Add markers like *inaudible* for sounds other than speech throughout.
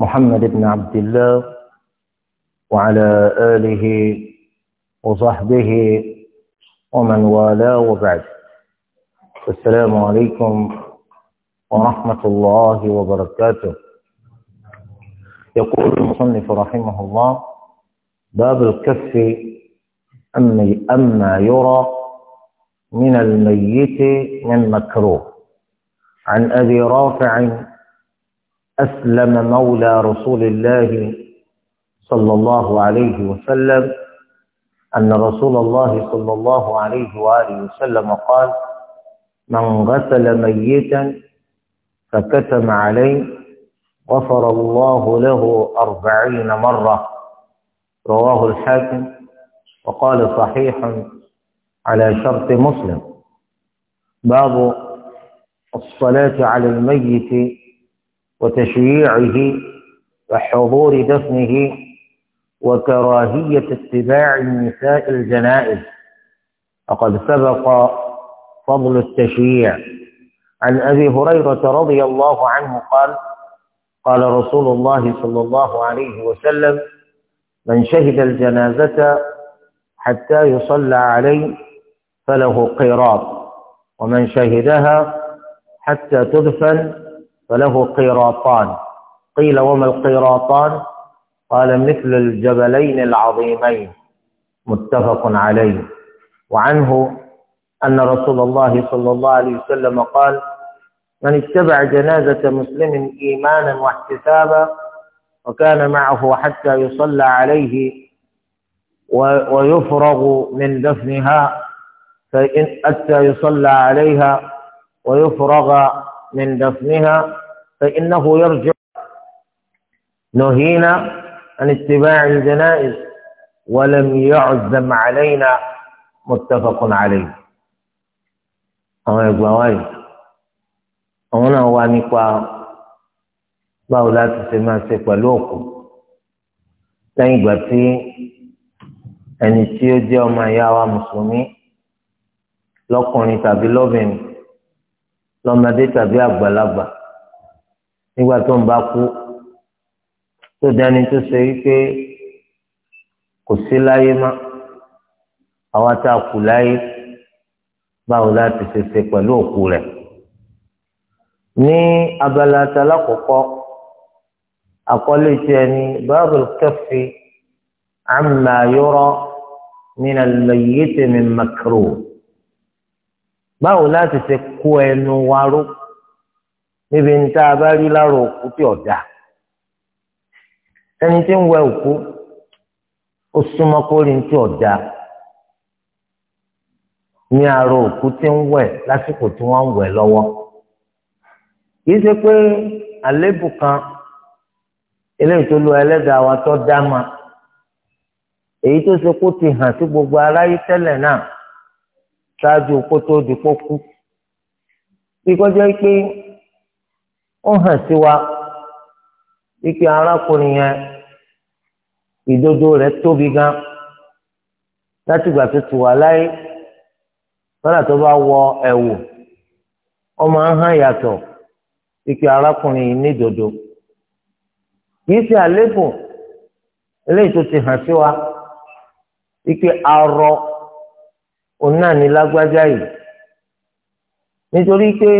محمد بن عبد الله وعلى آله وصحبه ومن والاه وبعد السلام عليكم ورحمة الله وبركاته يقول المصنف رحمه الله باب الكف أما يرى من الميت من مكروه عن أبي رافع أسلم مولى رسول الله صلى الله عليه وسلم أن رسول الله صلى الله عليه وآله وسلم قال من غسل ميتا فكتم عليه غفر الله له أربعين مرة رواه الحاكم وقال صحيح على شرط مسلم باب الصلاة على الميت وتشييعه وحضور دفنه وكراهية اتباع النساء الجنائز فقد سبق فضل التشييع عن أبي هريرة رضي الله عنه قال قال رسول الله صلى الله عليه وسلم من شهد الجنازة حتى يصلى عليه فله قيراط ومن شهدها حتى تدفن فله قيراطان قيل وما القيراطان قال مثل الجبلين العظيمين متفق عليه وعنه أن رسول الله صلى الله عليه وسلم قال من اتبع جنازة مسلم إيمانا واحتسابا وكان معه حتى يصلى عليه ويفرغ من دفنها فإن حتى يصلى عليها ويفرغ من دفنها فإنه يرجع نهينا عن اتباع الجنائز ولم يعزم علينا متفق عليه أولا أولا وانقوا باولات السماء سيكوا لوكم لأن قلتي أن يتيو ديو ما يا ومسلمي لوكم نتابي لوبين lọ́mọdé tàbí àgbàlagbà nígbà tó ń bá kú tó dání tó ṣe wípé kò sí láyé má àwa tá a kù láyé báwo láti ṣe ṣe pẹ̀lú òkú rẹ̀ ní abala talakọ̀kọ́ àkọlé tiẹ̀ ní babul kaffi amma yura min al-mayyit min báwo láti ṣe kó ẹnu wa ró níbi ní tá a bá rí lára òkú tí ọ̀dà ẹni tí ń wẹ òkú ó súnmọ́ kó rí tí ọ̀dà ní ara òkú tí ń lásìkò tí wọ́n ń kan eléyìí tó ẹlẹ́dàá wa dá ma èyí gbogbo aráyé tẹ́lẹ̀ náà ṣáájú kó tó di pókú ìkọjá pé ó hàn sí wa wípé arákùnrin yẹn ìdodo tóbi gan látìgbà tó ti láyé lọ́nà tó bá wọ ẹ̀wù ọ máa ń hàn yàtọ̀ wípé arákùnrin yìí nídodo kìí ṣe eléyìí tó ti hàn sí wa arọ. òun náà ní lágbájá yìí nítorí pé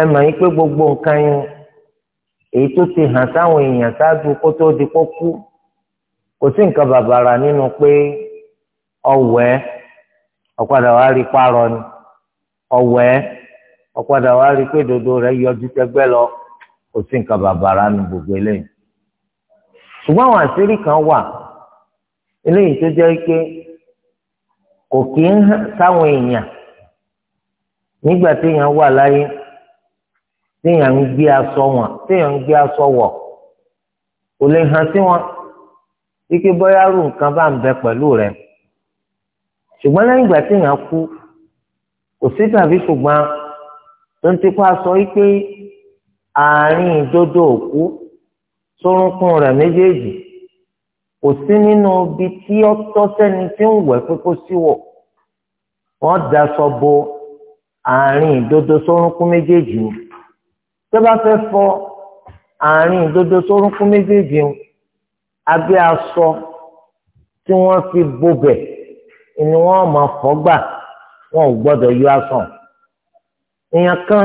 ẹ mọ̀ yín pé gbogbo nǹkan yín èyí tó ti hàn sáwọn èèyàn ṣáájú kó tó di kó kú kò sí nǹkan bàbàrà nínú pé ọ̀wẹ́ ọ̀padà wàá rí párọ̀ ni ọ̀wẹ́ ọ̀padà wàá rí gbogbo eléyìí ṣùgbọ́n àwọn àṣírí kan wà eléyìí tó kò kí ń sáwọn èèyàn nígbà téèyàn wà láyé téèyàn ń gbé aṣọ wọn téèyàn ń gbé aṣọ wọ̀ kò lè hàn sí wọn ike bóyá rú nǹkan bá ń bẹ pẹ̀lú rẹ ṣùgbọ́n lẹ́yìn ìgbà téèyàn kú kò tàbí ṣùgbọ́n tó ń sọ wípé àárín òkú sórúnkún méjèèjì kò sí nínú ibi tí ó tọ́ sẹ́ni tí ń wẹ̀ pé kó síwọ̀ wọ́n daṣọ bo àárín ìdodo sórúnkún méjèèjì ni tó bá fẹ́ fọ àárín ìdodo sórúnkún méjèèjì ni abẹ́ aṣọ tí wọ́n fi bobẹ̀ ni wọ́n máa fọ́ gbà wọn ò gbọ́dọ̀ yọ aṣọ èèyàn kan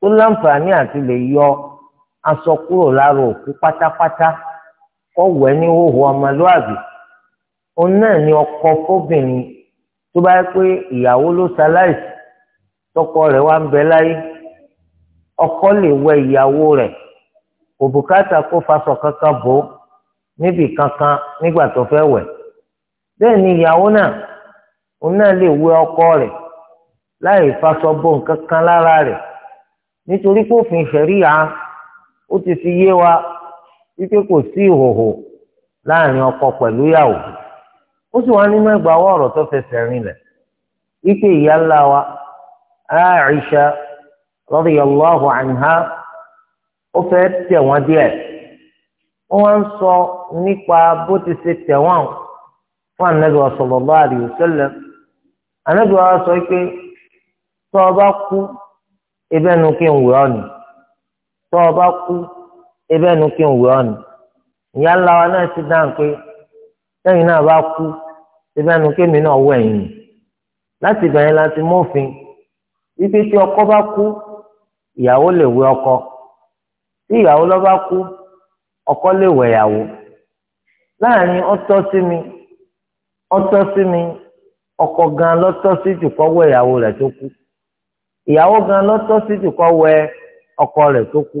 tó láǹfààní àti lè yọ aṣọ kúrò lára òkú pátápátá ọwọ́ ẹni hóhó ọmọlúwàbí òun náà ni ọkọ fóbìnrin tó bá yẹ pé ìyàwó ló ṣaláìsí tọkọ rẹ̀ wá ń bẹ láyé ọkọ lè wẹ ìyàwó rẹ̀ kò bùkátà kó faṣọ kankan bò ó níbì kankan nígbà tó fẹ́ wẹ̀ bẹ́ẹ̀ ni ìyàwó náà òun náà lè wẹ ọkọ rẹ̀ láì faṣọ bò nǹkan lára rẹ̀ nítorí pé òfin ṣẹ̀ríyà ó ti fi yé wa. wípé kò sí ìhòhò láàrin ọkọ pẹ̀lú ìyàwó ó sì wá nínú ẹgbàá ọ̀rọ̀ tó fẹsẹ̀ rinlẹ̀ wípé ìyá ńlá wa Aisha radiyallahu anha ó fẹ́ tẹ̀ wọ́n díẹ̀ wọ́n ń sọ nípa bó ti ṣe tẹ̀ fún sọ pé tọ́ ọ bá kú ebe nu kí n wé ọ̀nà ìyá ńlá wa náà ti dáhùn pé sẹ́yìn náà bá kú ebe nu kí mi náà wọ ẹ̀yìn ni láti ìgbà yẹn la ti mọ́fin wípé tí ọkọ bá kú ìyàwó lè wé ọkọ tí ìyàwó lọ bá kú ọkọ lè wẹ̀ ìyàwó láàrin ọtọ́ sí mi ọtọ́ sí mi ọkọ gan lọ́tọ́ sí jùkọ́ wẹ̀ ìyàwó rẹ̀ tó kú ìyàwó gan lọ́tọ́ sí jùkọ́ wẹ̀ ọkọ rẹ̀ tó kú.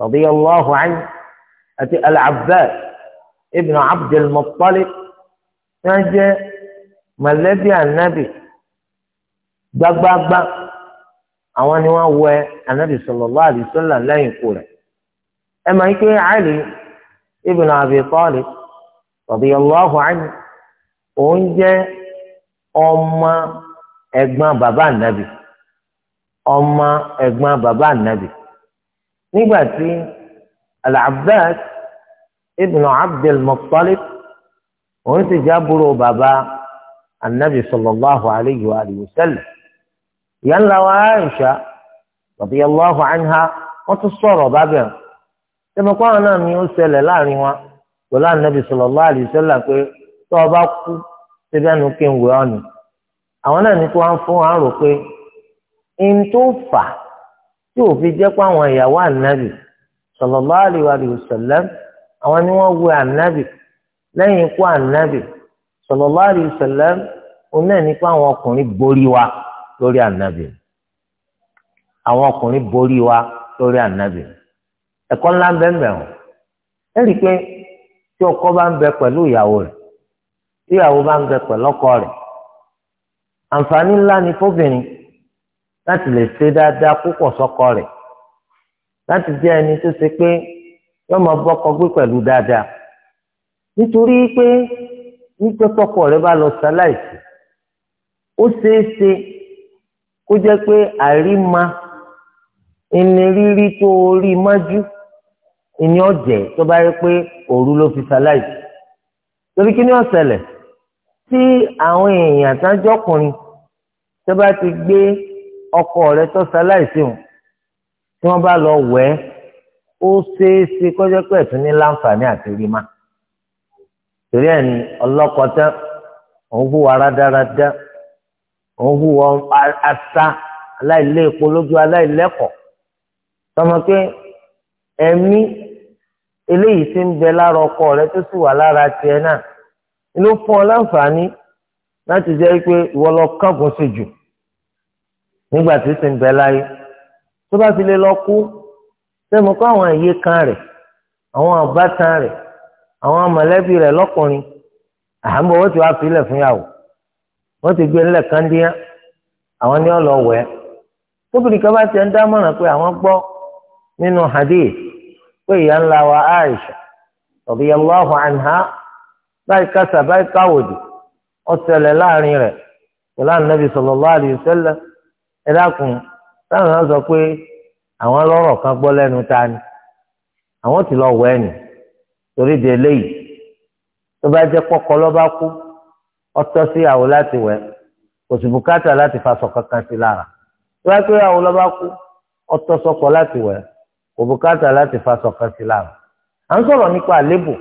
radiyallahu anhu àti al-abbas ibn abdul muttalib wọ́n jẹ́ mọ̀lẹ́bí anabi gbaggbagba anabi sallallahu alaihi wasallam lẹ́yìn ikú rẹ̀ ali ibn abi talib radiyallahu anhu òun jẹ́ ọma ẹ̀gbọ́n baba anabi ọma baba anabi. nígbà tí Al-Abbas ibn Abdul Muttalib òun sì jábúrò bàbá anabi sallallahu alayhi wa sallam ìyá ńlá wa Aisha radiyallahu anha wọ́n tún sọ̀rọ̀ bábẹ̀ tẹmẹkọ́ àwọn náà ni ó ṣẹlẹ̀ láàrin wa pẹ̀lú anabi sallallahu alayhi wa sallam pé tó o bá kú síbi ẹnu kí n wẹ̀ ọ́ ni àwọn náà ní kí wọ́n fún wa rò pé n tí òfin jẹ́ pé àwọn ìyàwó ànábì sallallahu alaihi wasallam àwọn ni wọ́n wẹ ànábì lẹ́yìn ikú ànábì sallallahu òun náà ní pé ọkùnrin borí lórí ànábì àwọn ọkùnrin borí wa lórí ẹ̀kọ́ ńlá ń ọkọ bá ń bẹ pẹ̀lú ìyàwó rẹ̀ tí ìyàwó ọkọ rẹ̀ àǹfààní ńlá ni láti lè ṣe dáadáa púpọ̀ sọ́kọ rẹ̀ láti jẹ́ ẹni tó ṣe pé yóò máa bọ́kọ gbé pẹ̀lú dáadáa nítorí pé níjọ́ tọkọ rẹ̀ bá lọ ṣaláìsí ó ṣeé ṣe kó jẹ́ pé àríma ìní rírí tó rí májú ìní ọ̀jẹ̀ tó bá yẹ pé òru ló fi ṣaláìsí torí kí ni ó tí àwọn èèyàn tájọ́kùnrin tó bá ti gbé ọkọ rẹ tó ṣaláìsí òun tí wọ́n bá lọ wẹ̀ ẹ́ ó ṣeéṣe kọjá pé ẹtún ní láǹfààní àti rímà torí ẹ̀ ní ọlọ́kọtán òun hùwà rádaràdá òun hùwà asá aláìlé epo lójú aláìlẹ́kọ̀ọ́ tọmọ pé ẹ̀mí eléyìí ti ń bẹ lára ọkọ rẹ tó sì wà lára tiẹ̀ náà ló fún ọ láǹfààní láti jẹ́ pé ìwọ lọ kángun sí jù. nígbà tí sì bẹ láyé tó bá fi lè lọ kú sẹ́mu kọ́ àwọn àyè kan rẹ̀ àwọn àbátan rẹ̀ àwọn mọ̀lẹ́bí rẹ̀ lọ́kùnrin àmọ́ wọ́n ti wá filẹ̀ fún yàwó wọ́n ti gbé ńlẹ̀ e kandíyàn àwọn ni ọ̀lọ́ tóbìnrin kan bá ń pé àwọn nínú hadith pé ìyá ńlá wa Aisha báyìí kásá báyìí káwòdì láàrin ẹ dákun táwọn náà sọ pé àwọn lọ́rọ̀ kan gbọ́ lẹ́nu ta ni àwọn ti lọ wọ ẹnì torí di eléyìí tó bá jẹ́ pọ́kọ lọ́ bá kú ọtọ́ sí àwọn láti wẹ̀ kò sì bùkátà láti fasọ̀ kankan sí lára tó bá pé àwọn lọ́ bá kú ọtọ́ sọ́kọ láti wẹ̀ kò bùkátà láti fasọ̀ kan sí lára à ń sọ̀rọ̀ nípa àlébù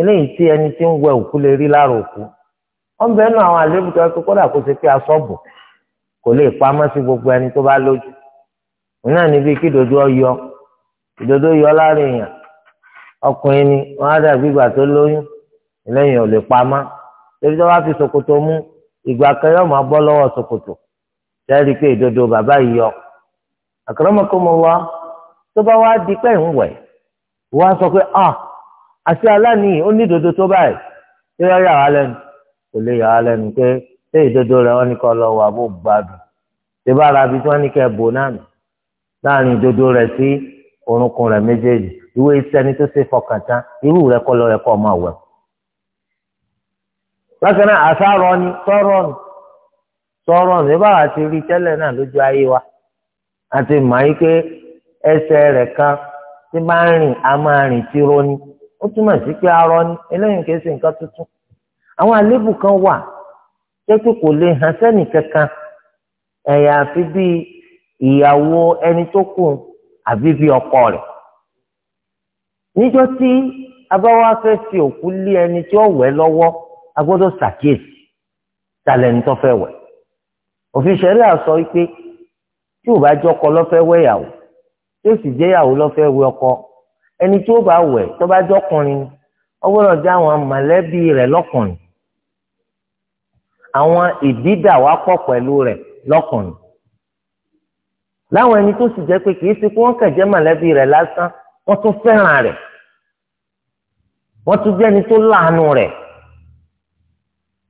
eléyìí tí ẹni tí ń wẹ òkú lè rí lára òkú wọ́n bẹ́ẹ̀ nù àwọn àlébù tó yẹ kó kódà kó ṣe pé aṣọ bò kò lè pamọ́ sí gbogbo ẹni tó bá lójú òun náà níbi kí dòdò ọyọ ìdòdò yọ láàrin èèyàn ọkùnrin ni wọn á dàbí ìgbà tó lóyún ìlẹ́yìn ò lè pamọ́ torí tó bá fi sokoto, mú ìgbà kan yóò máa bọ́ lọ́wọ́ ṣòkòtò sẹ́ẹ̀rí pé ìdodo bàbá yìí yọ àkàràmọ́kọ́mọ́ wa tó bá wá di pẹ́ ń wẹ̀ wá sọ pé ah àti aláàní ó ní ìdodo tó báyìí tó yọ yà wá lẹ́nu kò lè yà wá lẹ́nu pé ṣé ìdodo rẹ wọn ní kọ lọ wà bó gbádùn ṣé ara bí tí wọn ní kẹ bò náà nù láàrin ìdodo rẹ sí orúnkún rẹ méjèèjì ìwé sẹni tó ṣe fọkàn tán irú rẹ kọ lọ rẹ kọ máa wẹ. bákan náà àṣàrọ ni sọ̀rọ̀ nù sọ̀rọ̀ ni bá a ti rí tẹ́lẹ̀ náà lójú ayé wa àti mọ̀ yí pé ẹsẹ̀ rẹ̀ kan ti máa ń rìn a máa rìn tí ro ni ó túmọ̀ sí pé arọ ni eléyìí kìí ṣe nǹkan tuntun àwọn àlébù kan wà pé kò lè hàn sẹ́nì kankan ẹ̀yà àfi bí ìyàwó ẹni tó kù àbí bí ọkọ rẹ̀ níjọ́ tí abáwá fẹ́ fi òkú ẹni tí ó wẹ̀ lọ́wọ́ a gbọ́dọ̀ ṣàkíyèsí talẹ̀ tó fẹ́ wẹ̀ òfin ṣẹlẹ̀ àsọ wípé tí ò bá jẹ́ ọkọ lọ́fẹ́ tí ó ọkọ ẹni tí ó bá wẹ̀ tó bá àwọn ìdídàwápọ̀ pẹ̀lú rẹ̀ lọ́kùnrin láwọn ẹni tó sì jẹ́ pé kìí ṣe pé wọ́n kàn jẹ́ mọ̀lẹ́bí rẹ̀ lásán wọ́n tún fẹ́ràn rẹ̀ wọ́n tún jẹ́ ẹni tó láàánú rẹ̀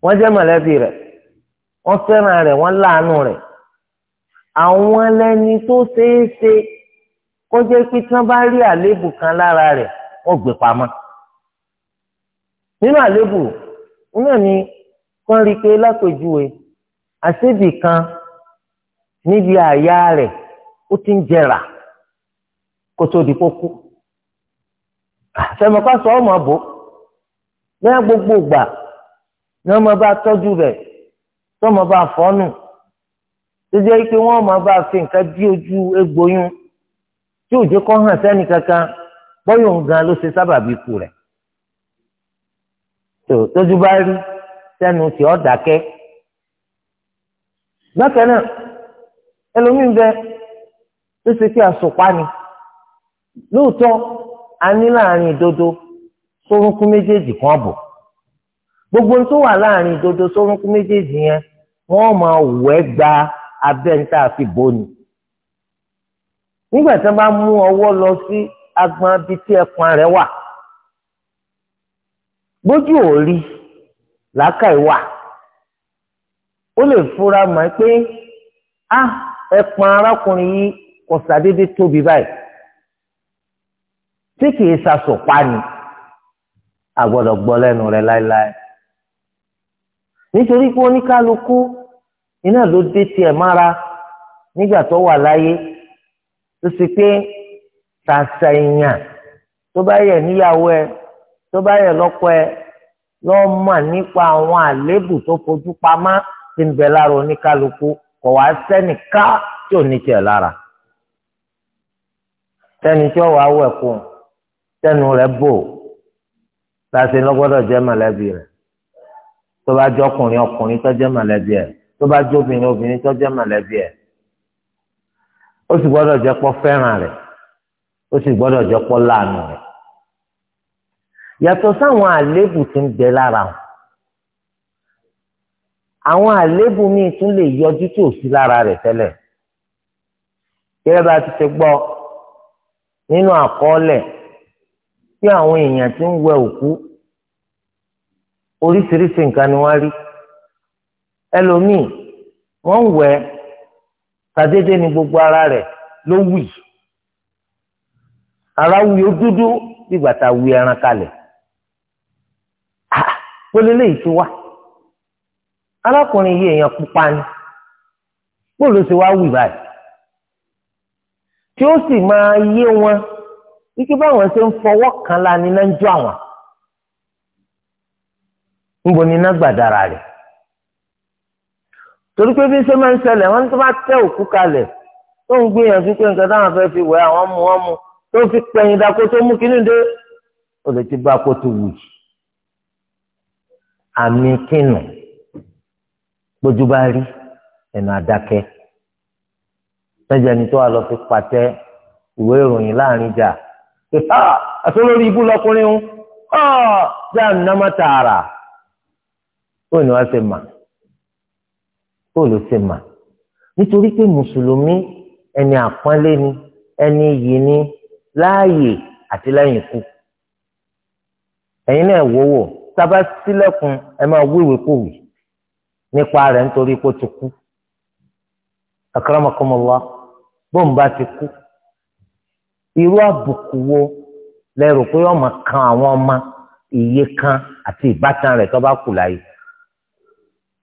wọ́n jẹ́ mọ̀lẹ́bí rẹ̀ wọ́n fẹ́ràn rẹ̀ wọ́n láàánú rẹ̀ àwọn ẹlẹ́ni tó ṣeé kó jẹ́ pé tí wọ́n bá rí àléébù kan lára rẹ̀ wọ́n gbé pamọ́ nínú àléébù náà ni wọ́n rí i pé lápèjúwe àṣebì kan níbi àyà rẹ̀ ó ti ń jẹrà kó tó di kókó sẹmọkọ sọ ọmọ bò bẹ́ẹ̀ gbogbo gbà ni wọ́n máa bá tọ́jú rẹ̀ tí wọ́n máa bá fọ́nù tó jẹ́ pé wọ́n máa bá fi nǹkan bí ojú egbòyún tí òjò kan hàn sẹ́ni kankan bọ́yọ̀ ń gan ló ṣe sábàbí ikú rẹ̀ tó tójú bá rí. sẹ́nu tí ọ dákẹ́. bákan náà ẹlòmíín bẹ tó ṣe kí àsopá ni lóòótọ́ a ní láàrin ìdodo sórúnkún méjèèjì kan bò gbogbo tó wà láàrin ìdodo sórúnkún méjèèjì yẹn wọ́n máa wẹ́ gba abẹ́ ń tà fi bò nígbà tí wọ́n bá mú ọwọ́ lọ làákà ìwà ó lè fura mọ̀ pé a ẹ̀pọ̀n arákùnrin yìí kò sàdédé tóbi báyìí tí kìí sàṣọpá ni a lẹ́nu láéláé nítorí pé oníkálukú iná ló dé tiẹ̀ mára nígbà tó wà láyé tó sì pé yóò mọ̀ nípa àwọn àléébù tó fojú pamọ́ tí ń bẹ lára oníkálukú kò wá sẹ́nìká tí ò ní tiẹ̀ lára tẹ́ni tí ó wà á wẹ̀ kù tẹ́nu rẹ̀ bò láti lọ́gbọ́dọ̀ jẹ́ mọ̀lẹ́bí rẹ̀ tó bá jẹ́ ọkùnrin ọkùnrin tó jẹ́ mọ̀lẹ́bí ẹ̀ tó bá jẹ́ obìnrin obìnrin tó jẹ́ mọ̀lẹ́bí ẹ̀ ó sì gbọ́dọ̀ jẹ́ pọ́ fẹ́ràn rẹ̀ ó sì gbọ́dọ̀ jẹ́ pọ́ láàánú rẹ̀ yàtọ̀ sáwọn àléébù tí ń bẹ lára wọn àwọn àléébù míì tún lè yọjú tí ò sí lára rẹ̀ tẹ́lẹ̀ gẹ́gẹ́ bá a ti ṣe gbọ́ nínú àkọọ́lẹ̀ tí àwọn èèyàn ti ń wẹ òkú oríṣiríṣi nǹkan ni wọ́n rí ẹlòmíì wọ́n ń wẹ̀ tàdédé ni gbogbo ara rẹ̀ ló wì ara wì ó dúdú bí bàtà wì ẹran kalẹ̀ pélé lè ti wá alákùnrin yìí èèyàn pupa ni bóòlù si wá wù báyìí tí ó sì máa yé wọn wípé báwọn ṣe ń fọwọ́ kan la ní náà ń jó àwọn níbo ni iná torí pé bí ṣe máa ń ṣẹlẹ̀ wọ́n tó bá tẹ òkú kalẹ̀ tó ń gbìyànjú pé nǹkan táwọn fẹ́ fi wẹ̀ àwọn mú wọn mú tó fi pẹ̀yìn dako tó mú kínní dé ó lè ti bá kó àmì kínú gbójú bá rí ẹnu àdákẹ́ sẹ́jà ni tó wà lọ fi pàtẹ ìwé ìròyìn láàrin jà *laughs* ah! àti olórí ibú lọkùnrin ń ah! já nàmá tààrà ó ní wá ṣe mà ó ló ṣe mà nítorí pé mùsùlùmí ẹni àpọ́nlé ni ẹni yìí ni láàyè àti lẹ́yìn ikú ẹ̀yin náà wò sábà sílẹ̀kùn ẹ máa wíwèé kò wí nípa rẹ̀ nítorí pé ó ti kú akramakumullah bóńbà ti kú irú àbùkù wo lẹ́rù pé ọmọ kan àwọn ọmọ iye kan àti ìbátan rẹ̀ tó bá kù láyé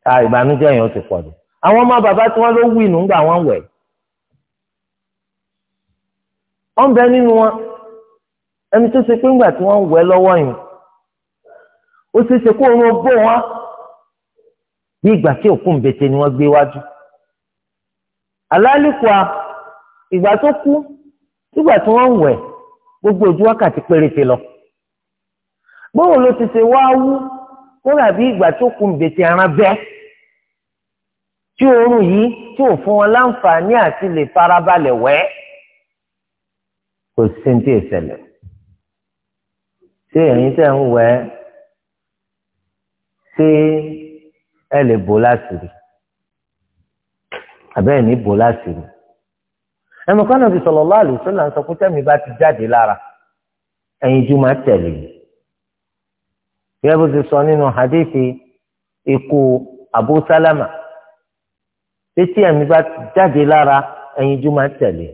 ta ìbànújẹ́ yẹn ó ti pọ̀ jù àwọn ọmọ bàbá tí wọ́n ló wù inú gbà wọ́n wẹ̀ ọ̀nbẹ nínú wọn ẹni tó ṣe pé ńgbà tí wọ́n wẹ̀ lọ́wọ́ yìí ó ṣeé ṣe kó oorun bó wọn bí ìgbà tí òkú ń bete ni wọ́n gbé wájú alálìkùá ìgbà tó kú nígbà tí wọ́n ń wẹ̀ gbogbo ojú wákàtí péréte lọ bóun ló ti ṣe wá wú ó dàbí ìgbà tó kú ń bete ara bẹ́ẹ̀ tí oorun yìí tí ò fún wọn láǹfààní àti lè farabalẹ̀ wẹ̀ kò sí ní tí ì ṣẹlẹ̀ ṣé tẹ̀ ń wẹ̀ ṣé ẹ lè bò láṣìírí àbẹ́ẹ̀ ní bò láṣìírí ẹnìkan náà fi sallallahu alaihi wasallam sọ pé tẹ́mi bá ti jáde lára ẹ̀yin jù máa tẹ̀lé yẹ́n bó ti sọ nínú hadithi ikú Abu Salama títí ẹ̀mí bá ti jáde lára ẹ̀yin jù máa tẹ̀lé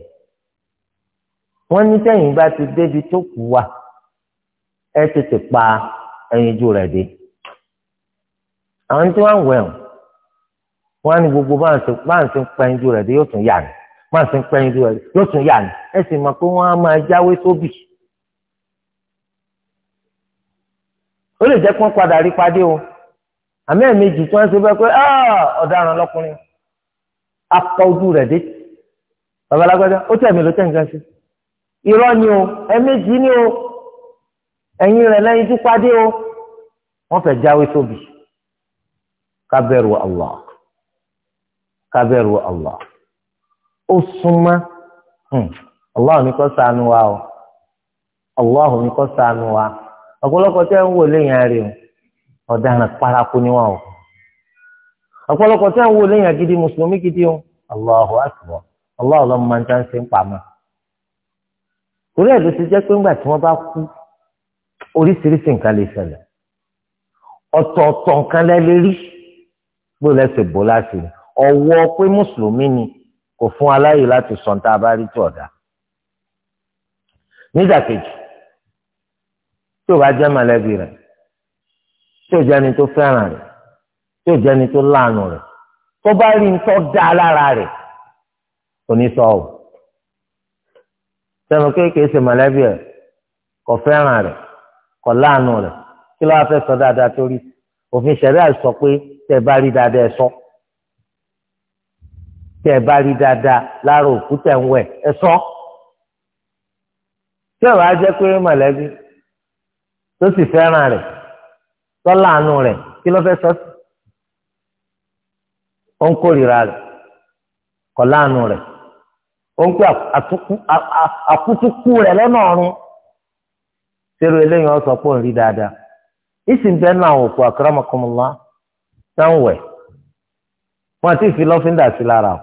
wọ́n ní tẹ́yìn bá ti débi tó kù wá ẹ tètè pa ẹ̀yin jù rẹ̀ dé àwọn tí wọ́n ń wẹ̀ wọ́n á ní gbogbo bá ń sin pẹ́yìndú rẹ̀ dé yóò tún yà ní bá ń sin pẹ́yìndú rẹ̀ dé yóò tún yà ní ẹ sì mọ̀ pé wọ́n á máa jáwé tóbì. ó lè jẹ́ pé wọ́n padà rí padé o àmì ẹ̀mejì tí wọ́n ṣe bẹ́ẹ̀ pé ah, ọ̀daràn lọkùnrin apá ojú rẹ̀ dé babalágbádá ó tẹ̀mí ló tẹ̀ǹkan sí irọ́ ni o ẹ̀mejì ni o ẹ̀yìn rẹ̀ lẹ́yìn tó padé o wọ́n fẹ́ jáwé tóbì. kábẹ̀rù Allah kábẹ̀rù Allah ó súnmọ́ hmm. Allah ní kó ṣàánú wa o Allah ní kó ṣàánú wa ọ̀pọ̀lọpọ̀ tẹ́ ń wò léyìn ọ̀daràn paraku ni wọn o ọ̀pọ̀lọpọ̀ tẹ́ ń wò léyìn gidi mùsùlùmí gidi o Allahu Allah ló máa ń ń pamọ́ torí ẹ̀ ti jẹ́ pé ńgbà tí wọ́n bá kú oríṣiríṣi nǹkan lè gbọ́dọ̀ lẹ́sẹ̀ bò láti rí ọwọ́ pé mùsùlùmí ni kò fún aláyè láti sọ tá a bá rí tí ọ̀dà. nídàkejì tí ò bá jẹ́ mọ̀lẹ́bí rẹ̀ tí ò jẹ́ni tó fẹ́ràn rẹ̀ tí ò jẹ́ni tó láàánú rẹ̀ tó bá rí nǹkan dá lára rẹ̀ kò ní sọ ọ́ sẹ́nu kéèké ṣe mọ̀lẹ́bí rẹ̀ kò fẹ́ràn rẹ̀ kò láàánú rẹ̀ kí ló wá fẹ́ sọ dáadáa torí sí òfin ṣẹ̀ríà sọ pé tẹ́ bá rí dáadáa ẹ sọ tẹ́ bá rí dáadáa lára òkú tẹ́ ń wẹ̀ ẹ sọ tí ọ̀rọ̀ á jẹ́ pé mọ̀lẹ́bí tó sì fẹ́ràn rẹ̀ tọ́láàánú rẹ̀ kí ló fẹ́ sọ sí ó ń kórìíra rẹ̀ kọ̀láàánú rẹ̀ ó ń pè àkútúkú rẹ̀ lọ́nà ọ̀run ṣerú eléyìí wọn sọ pé òun rí dáadáa. ìsìn bẹ́ẹ̀ náà òkú àkàràmọ̀kọ́mọ́lá sáwẹ̀ wọn àti ìfi lọ́fíńdà sí lára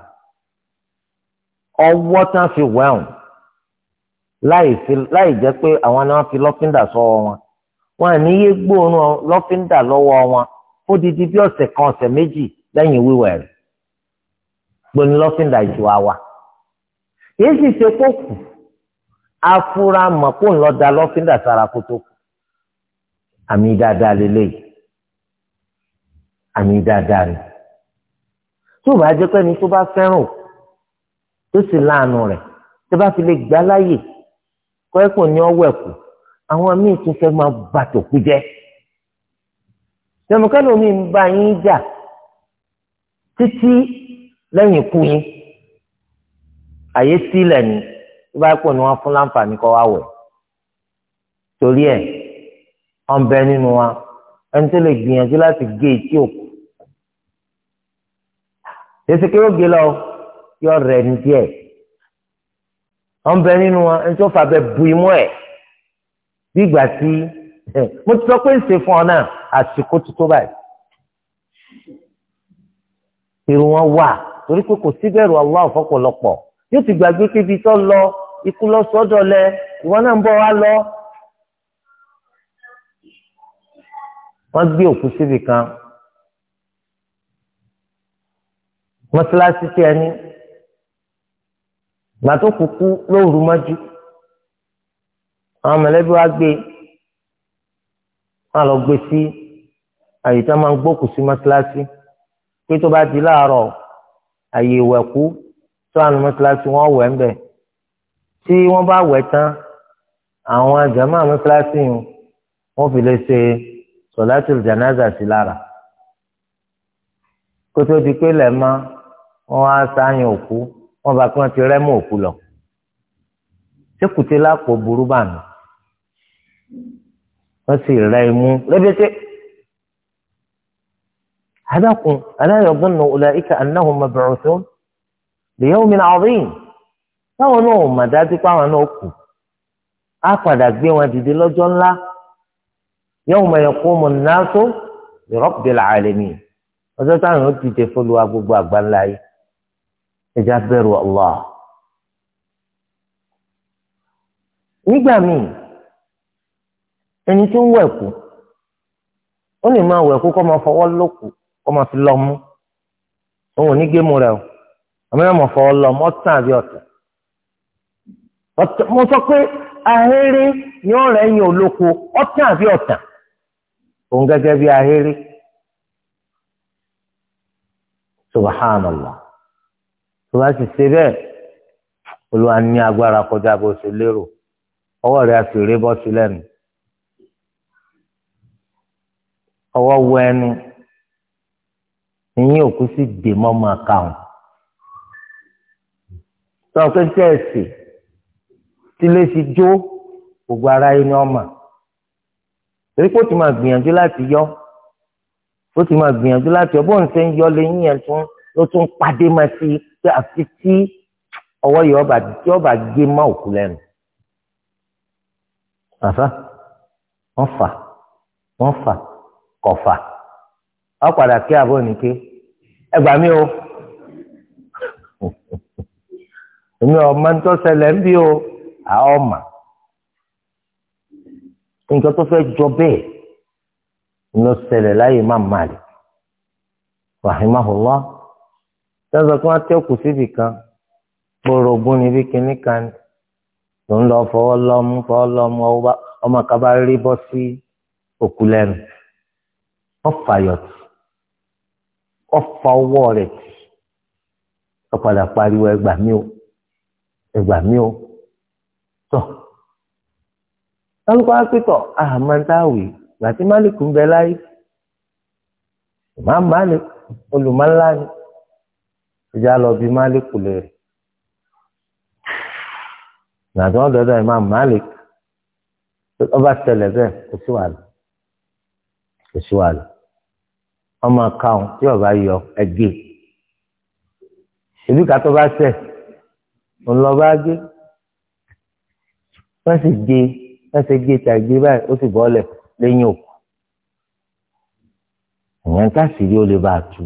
tán fi wẹ̀hùn láì jẹ́ pé àwọn ni fi wọn wọn àní yé lọwọ wọn kan ọsẹ méjì gbóni ju àwa sì ṣe kó kù kó àmì dáadáa lélẹ́yìí àmì dáadáa rẹ̀ tó bá jẹ́ pé ẹni tó bá fẹ́ràn tó sì láàánú rẹ̀ tó bá fi lè gbá láàyè kọ́ ẹ̀kọ́ ní ọwọ́ àwọn míì tún fẹ́ máa bà tòkú jẹ́ tẹmukẹ́lò mi ń bá yín jà títí lẹ́yìn ikú yín àyè sílẹ̀ ni tó bá pọ̀ ní wọ́n fún láǹfààní kọ́ wá wẹ̀ torí ẹ̀ ọ̀nbẹ nínú wa ẹni tó lè gbìyànjú láti gé etí òkú èsì kí ó gé lọ yọ rẹ̀ ní díẹ̀ ọ̀nbẹ nínú wa ẹni tó fàbẹ bu imú ẹ̀ bí ìgbà tí mo ti sọ pé ń ṣe fún ọ náà àsìkò tó tó báyìí èrò wọn wà torí pé kò síbẹ̀rù Allah ọ̀fọ́pọ̀lọpọ̀ yóò ti gbàgbé kébi tó lọ ikú lọ sọ́dọ̀ lẹ ìwọ náà ń bọ̀ wá lọ wọ́n gbé òkú síbi kan mọ́sálásí tí ẹni gbà tó kúkú lóru mọ́jú àwọn mọ̀lẹ́bí wa gbé wọn lọ gbé sí àyè tí wọ́n máa ń gbókù sí mọ́sálásí pé tó bá di láàárọ̀ àyè ìwẹ̀kú tó àná mọ́sálásí wọ́n wẹ̀ ń bẹ̀ tí wọ́n bá wẹ̀ tán àwọn jàmáà mọ́sálásí yìí wọ́n fi lè ṣe é sọ̀látùl jànáza sí lára kótó di pé lẹ́ẹ̀mọ́ wọ́n á sáyìn òkú wọ́n bá kí wọ́n ti rẹ́mú òkú lọ sékùté lápò burú bàmí wọ́n sì rẹ imú rẹ́bẹ́tẹ́ hadakun aláyọ̀gbọ́n náà ọ̀la ika anáhùn mabẹ̀rọ̀sọ́ lèyẹ́wò mi náà ọ̀rìn táwọn náà mà dájú pé àwọn náà kù á padà gbé wọn dìde lọ́jọ́ ńlá yawma yaqumu an-nasu li rabbil alamin ọjọ́ táwọn yóò ti dé fọlùwà gbogbo àgbáńlá yìí ẹja bẹ̀rù Allah. nígbà míì ẹni tó ń wẹ̀kú ó lè máa wẹ̀kú kó máa fọwọ́ lókù kó máa fi lọ́mú òun ò ní gé mu rẹ o àmì ẹ̀ mọ̀ fọwọ́ lọ́mú ọ̀tún àbí ọ̀tún mo sọ pé ahéré ni ọ̀rẹ́ yín olóko ọ̀tún àbí ọ̀tún. òun gẹ́gẹ́ bí ahéré subhanallah tó bá sì ṣe bẹ́ẹ̀ olúwa ní agbára kọjá bó ṣe lérò ọwọ wọ ẹnu ìyín òkú dè àkàwọn torí pé ó ti máa gbìyànjú láti yọ ó ti máa gbìyànjú láti yọ bóun ṣe ń yọ lẹ́yìn yẹn tún ló tún padé máa sí pé àfi tí ọwọ́ yìí ọba tí ọba gé má òkú lẹ́nu àfa wọ́n fà wọ́n fà kọ̀ fà wọ́n padà kí àbọ̀ ní ké ẹ gbà mí o *laughs* èmi ọ̀ máa ń tọ́ ṣẹlẹ̀ ń bí nǹkan tó fẹ́ jọ bẹ́ẹ̀ ló ṣẹlẹ̀ láyé má màlì rahimahullah tẹ́sán kí wọ́n tẹ́kù síbì kan gbòòrògùn níbi kíní kan ló ń lọ fọwọ́ lọ́mú fọwọ́ lọ́mú ọmọ kan bá rí bọ́ sí òkú lẹ́nu wọ́n fàyọ̀ tì wọ́n fa ọwọ́ rẹ̀ tì wọ́n padà pariwo ẹgbà mí o ẹgbà mí o tọ́. So, kálukú apẹtọ ahamantawe gbàtí malik ń bẹ láyé ìmáà malik olùmọ̀lá ni ìjà lọ bí malik lè rè nàdó ọdọọdọ ìmáà malik ọba tẹ́lẹ̀ bẹ́ẹ̀ kò sí wàhálà kò sí wàhálà ọmọ akáwọn tí ọba yọ ẹgbẹ́ ìlú kàtó bá sẹ ńlọba gé wọn sì gé ẹsẹ̀ gé ta gbé báyìí ó sì bọ́ọ̀lẹ̀ lẹ́yìn òkú ìyẹn ká sì rí ó lè bá a tu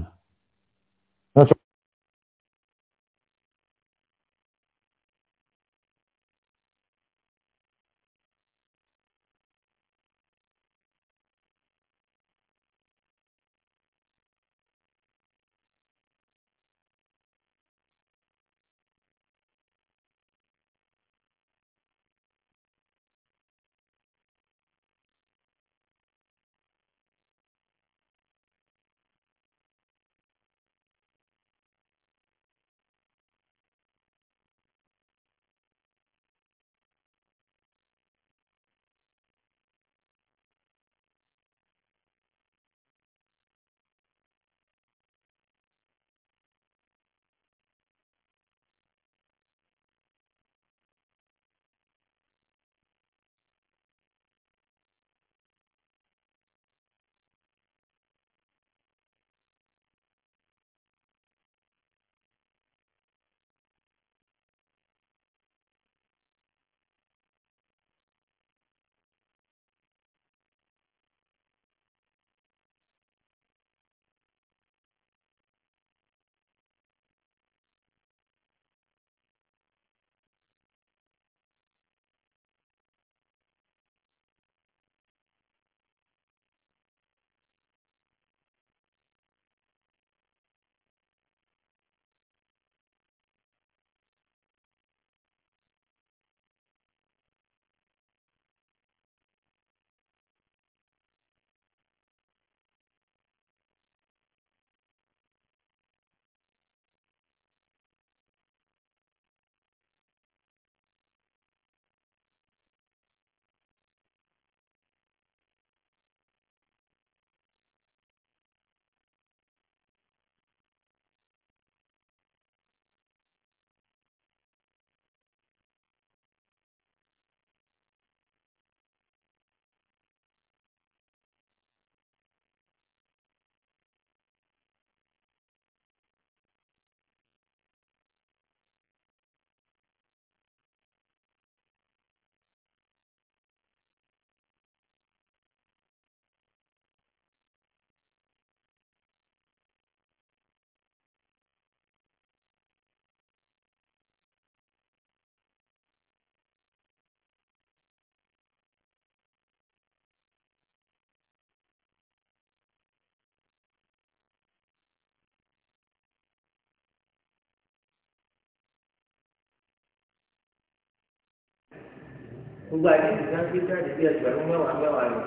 gbogbo àdéhùn kan fi jáde bí ẹgbẹ̀rún mẹ́wàá mẹ́wàá rẹ̀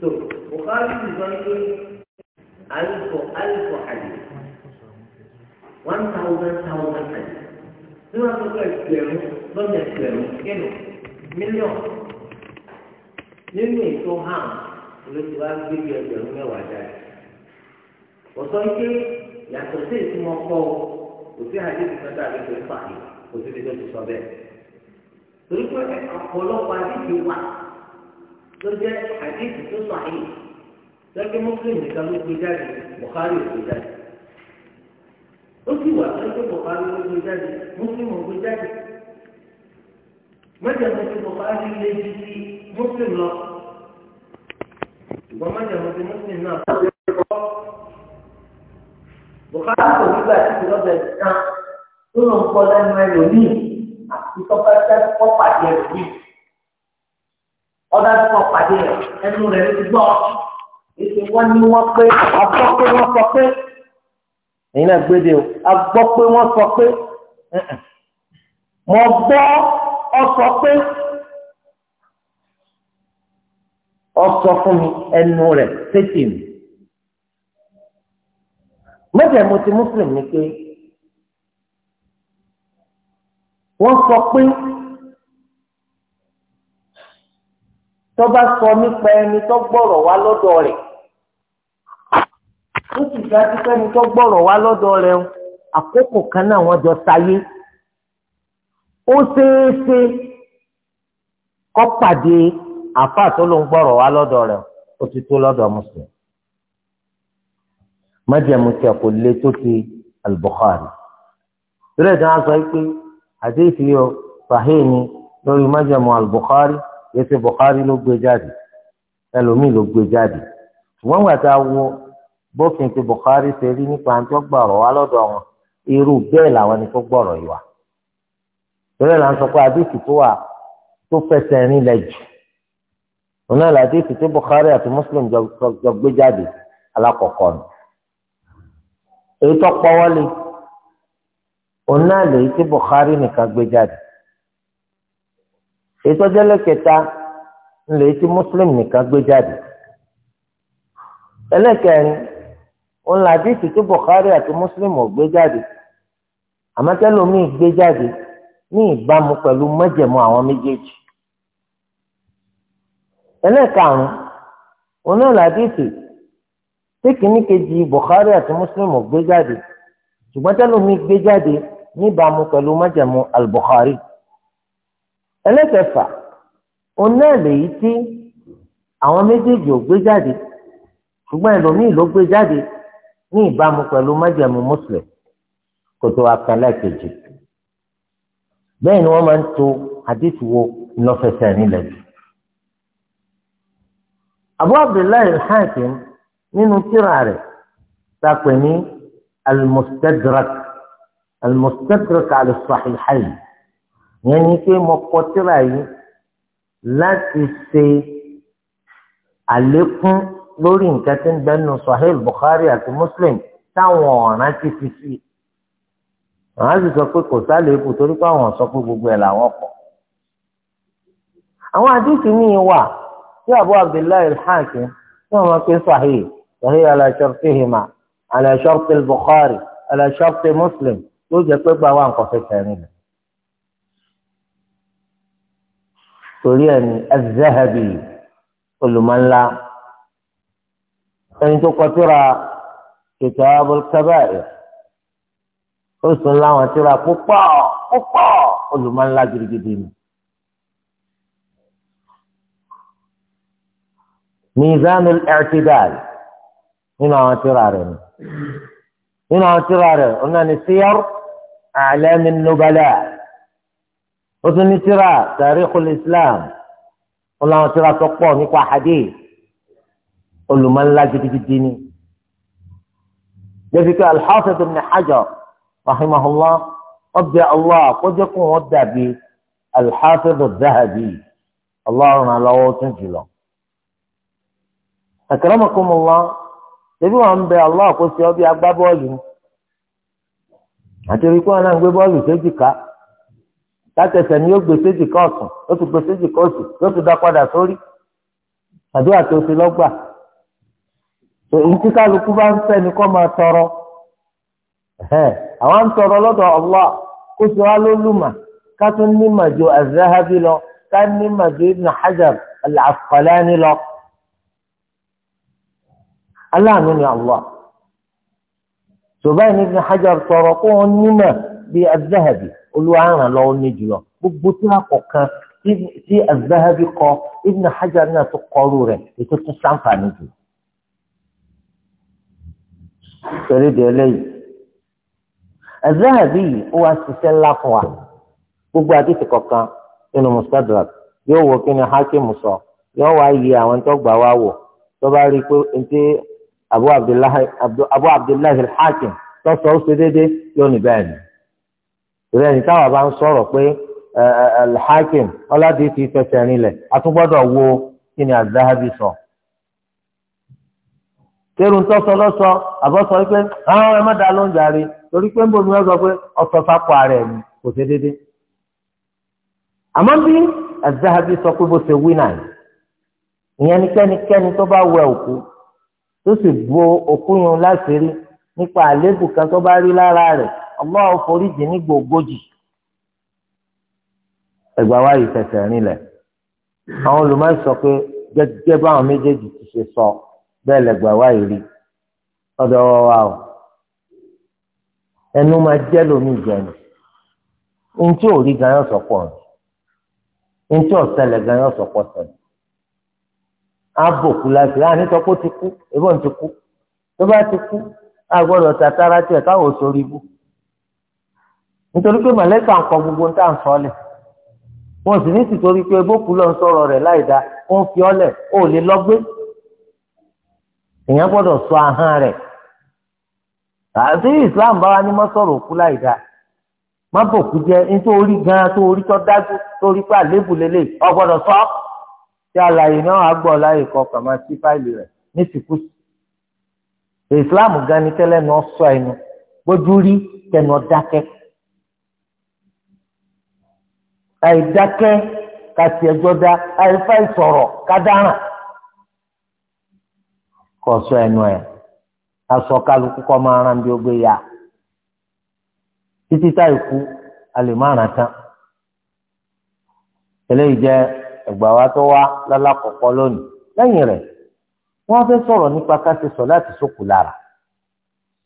tó bùkárí ti sọ pé alifọ alifọ àyè one thousand thousand àyè ní wọn tó kọ ẹgbẹ̀rún lọ́nà ẹgbẹ̀rún kínú mílíọ̀nù nínú ètò hàn ló ti wá gbé bí ẹgbẹ̀rún mẹ́wàá jáde ọ̀sọ́ ike yàtọ̀ sí ìtumọ̀ kọ́ kò sí àdéhùn kan tàbí kò sí ibi tó ti sọ bẹ́ẹ̀ torí pé ọ̀pọ̀lọpọ̀ àdìsí wà ló jẹ́ àdìsí tó sọ àyè lọ́jọ́ mọ́sílẹ̀ nìkan ló gbé jáde Bukhari ò gbé jáde ó sì wà lọ́jọ́ Bukhari ló gbé jáde mọ́sílẹ̀ ò gbé jáde mọ́jàmọ́ ti Bukhari lé ju ti mọ́sílẹ̀ lọ ṣùgbọ́n mọ́jàmọ́ ti mọ́sílẹ̀ náà kọ́ ọ́ kò nígbà tí kò lọ́bẹ̀ẹ́ tó lọ kọ́ lẹ́nu ẹlòmíì ìtọ́fẹ́fẹ́ kọ́ pàdé ẹ̀ lórí. ọ̀dà kọ́ pàdé ẹ̀ ẹnu rẹ̀ ló ti gbọ́. èsì wọn ni wọ́n pé àgbọ́ pé wọ́n sọ pé. èyí náà gbéde o àgbọ́ pé wọ́n sọ pé. mo gbọ́ ọ sọ pé. ọ fún mi ẹnu rẹ̀ sétí mi. mọ́tẹ̀ mo ti muslim ni pé. wọ́n sọ pé tó bá sọ nípa ẹni tó gbọ́rọ̀ wá lọ́dọ̀ rẹ̀ ó sì dájú pé ẹni tó gbọ́rọ̀ wá lọ́dọ̀ rẹ̀ àkókò kan náà wọ́n jọ sáyé ó ṣeé ṣe kó pàdé àfa tó ló ń gbọ́rọ̀ wá lọ́dọ̀ rẹ̀ ó ti tó lọ́dọ̀ mùsùlùmí májẹ̀mú kò lè tó ti al-Bukhari. ìrẹ̀dá sọ pé àdéhìí yóò sahih ni lórí májàmú al-Bukhari yẹsẹ Bukhari ló gbé jáde ẹlòmíì ló gbé jáde ṣùgbọ́n gbà tá a wo bófin ti Bukhari ṣe rí nípa àti ọgbàrọ̀ wa lọ́dọ̀ wọn irú bẹ́ẹ̀ làwọn ẹni tó gbọ̀rọ̀ yìí wà torí là ń sọ pé àdéhìí tó wà tó fẹsẹ̀ rìn lẹ́jù òun náà làdéhìí tó Bukhari àti Muslim jọ gbé jáde alákọ̀ọ́kọ́ ni èyí tó pọ́wọ́lé òun náà lèyí tí Bukhari nìkan gbé jáde ètò ọjọ́lẹ̀ kẹta lèyí tí Muslim nìkan gbé jáde ẹlẹ́kẹrin òun làdíìsì tí Bukhari àti Muslim ò gbé jáde àmọ́tẹ́lómi gbé jáde ní ìbámu pẹ̀lú májẹ̀mú àwọn méjèèjì ẹlẹ́karùn-ún òun náà làdíìsì tí kìíní kejì Bukhari àti Muslim ò gbé jáde ṣùgbọ́n tẹ́lómi gbé jáde níbàámu pẹ̀lú májàmú al-Bukhari ẹlẹ́kẹ̀fà oná lèyí tí àwọn méjèèjì ò gbé jáde ṣùgbọ́n ẹlòmíì ló gbé jáde ní ìbámu pẹ̀lú májàmú Muslim kòtò àkàlẹ́kẹ̀jì bẹ́ẹ̀ ni wọ́n máa ń to hadith wo lọ́fẹsẹ̀ nílẹ̀ jù. Abu Abdullahi al nínú tírà rẹ̀ ta pè ní al المستدرك على الصحيحين yẹn ni pé mo kọ tírà yìí láti ṣe àlékún lórí nǹkan tí ń bẹnu Sahih Bukhari àti Muslim táwọn ọ̀ràn ti fi sí i àwọn sì sọ pé kò sálẹ̀ ikú torí pé àwọn sọ pé gbogbo ẹ̀ làwọn kọ̀ àwọn àdìsí míì wà tí Abu Abdullahi al-Hakim tí wọn máa pé Sahih Sahih ala shartihima ala sharti al-Bukhari ala sharti Muslim. yóò jẹ́ pé gba wa nǹkan fẹsẹ̀ rìn lẹ̀. torí ẹ̀ ní az-Zahabi olùmọ̀ńlá ẹni tó kọtíra Kitabul Kaba'ir ó sùn láwọn tíra púpọ̀ púpọ̀ olùmọ̀ńlá gidigidi ni. Mizanul I'tidal nínú àwọn tíra rẹ̀ ni nínú àwọn tíra rẹ̀ ọ̀nà ni síyárù. أعلام النبلاء وتني ترى تاريخ الإسلام والله ترى تقوى نقوى حديث قل من لا جديد الدين ذلك الحافظ ابن حجر رحمه الله ربي الله قد يكون ودع به الحافظ الذهبي الله على وتنجله أكرمكم الله تبي عن الله قصي أبي أبا بولي àtẹ̀rí kó wọn náà gbé bọ́ọ̀lù séjìká látẹsẹ̀ ni yóò gbé séjìká ọ̀tún yóò tún gbé séjìká òsì yóò tún dá padà sórí àdúrà tó ṣe lọ́gbà èyí tí kálukú bá ń fẹ́ ni kó máa tọrọ àwọn tọrọ lọ́dọ̀ Allah kó sọ wá lólùmà ká tún ní màjò az lọ ká ní màjò Ibn Hajar al lọ aláàánú ni Allah sọ̀báyìí ní ibn hajar sọ̀rọ̀ kó wọn nímọ̀ bíi az-zahabi olúwa ràn lọ́wọ́ ní jùlọ gbogbo tí a kọ̀ kan tí az-zahabi kọ ibn hajar náà tó kọrú rẹ̀ ètò tó sàǹfààní jù. sọ̀rí di eléyìí az-zahabi yìí ó wá ṣiṣẹ́ ńlá fún wa gbogbo àdìsí kọ̀ọ̀kan nínú mustadrak yóò wọ kí ni hakim sọ yóò wá yí àwọn tó gbà wá wò tó bá rí i pé abu abdullahi abu abdullahi al-hakim tọ́sọ ó ṣe déédéé yóò ní bẹ́ẹ̀ ni ìrẹ́ ẹni táwa bá ń sọ̀rọ̀ pé al-hakim ọládé ti fẹsẹ̀ rinlẹ̀ atúgbọ́dọ̀ wo kí ni az-zahabi sọ. kérun tọ́sọ lọ́sọ àbọ̀sọ wípé àwọn ẹ̀ má da ló ń jàre torí pé ń bò ní wọ́n sọ pé ọ̀sọ̀ fapò ara ẹ̀ ni kò ṣe déédéé. àmọ́ bí az sọ pé bó ṣe wí náà ìyẹn ni kẹ́nikẹ́ni tó bá wẹ òkú tó sì bo òkú yẹn láṣìírí nípa àléébù kan tó bá rí lára rẹ̀ Allahu foríjì ní gbòógójì. ẹgbà wa yìí fẹsẹ̀ rinlẹ̀ àwọn olùmọ̀ sọ pé gẹ́gẹ́ báwọn méjèèjì ti ṣe sọ bẹ́ẹ̀ lẹ́gbà wa yìí rí ọ̀dọ̀ wa o ẹnu máa jẹ́ lómi ìjẹun ohun tí ò rí gan yóò sọ pọ̀ ohun tí ò ṣẹlẹ̀ gan sọ pọ̀ ṣẹlẹ̀ àbòkú láti rà ní sọpọ́ ti kú ebọ́n ti kú tó bá ti kú àgbọ̀dọ̀ tàtàrà tiẹ̀ káwọ́ sórí ibú nítorí pé mọ̀lẹ́kà ń kọ gbogbo ń tà ń sọ́lẹ̀ wọn sì ní tìtorí pé bókú lọ ń sọ̀rọ̀ rẹ̀ láì dáa ó ń fi ọ́lẹ̀ ó lè lọ́gbé èèyàn gbọ́dọ̀ sọ ahọ́n rẹ̀ àti Islam bá wa ní mọ́ sọ̀rọ̀ òkú láì dáa má bòkú jẹ́ nítorí gan-an tó orí tó dájú tó orí pé àlébù lélẹ̀ ọgbọ́dọ̀ sọ tí àlàyé náà á gbọ́ láyè kọ kàmá sí fáìlì rẹ̀ ní tìkúsì. ìsìláàmù gan ni tẹ́lẹ̀ ẹnu gbójú rí tẹnu ọ̀dákẹ́. àìdákẹ́ kàti ẹjọ́ dá àìfẹ́ ìsọ̀rọ̀ kádàràn sọ ẹnu ẹ̀ aṣọ kálukú kọ́ máa rán bí ó gbé a lè má ẹgbà wa tó wá lálàkọ̀kọ́ lónìí lẹ́yìn rẹ̀ wọ́n fẹ́ sọ̀rọ̀ nípa ká ṣe sọ láti sókù lára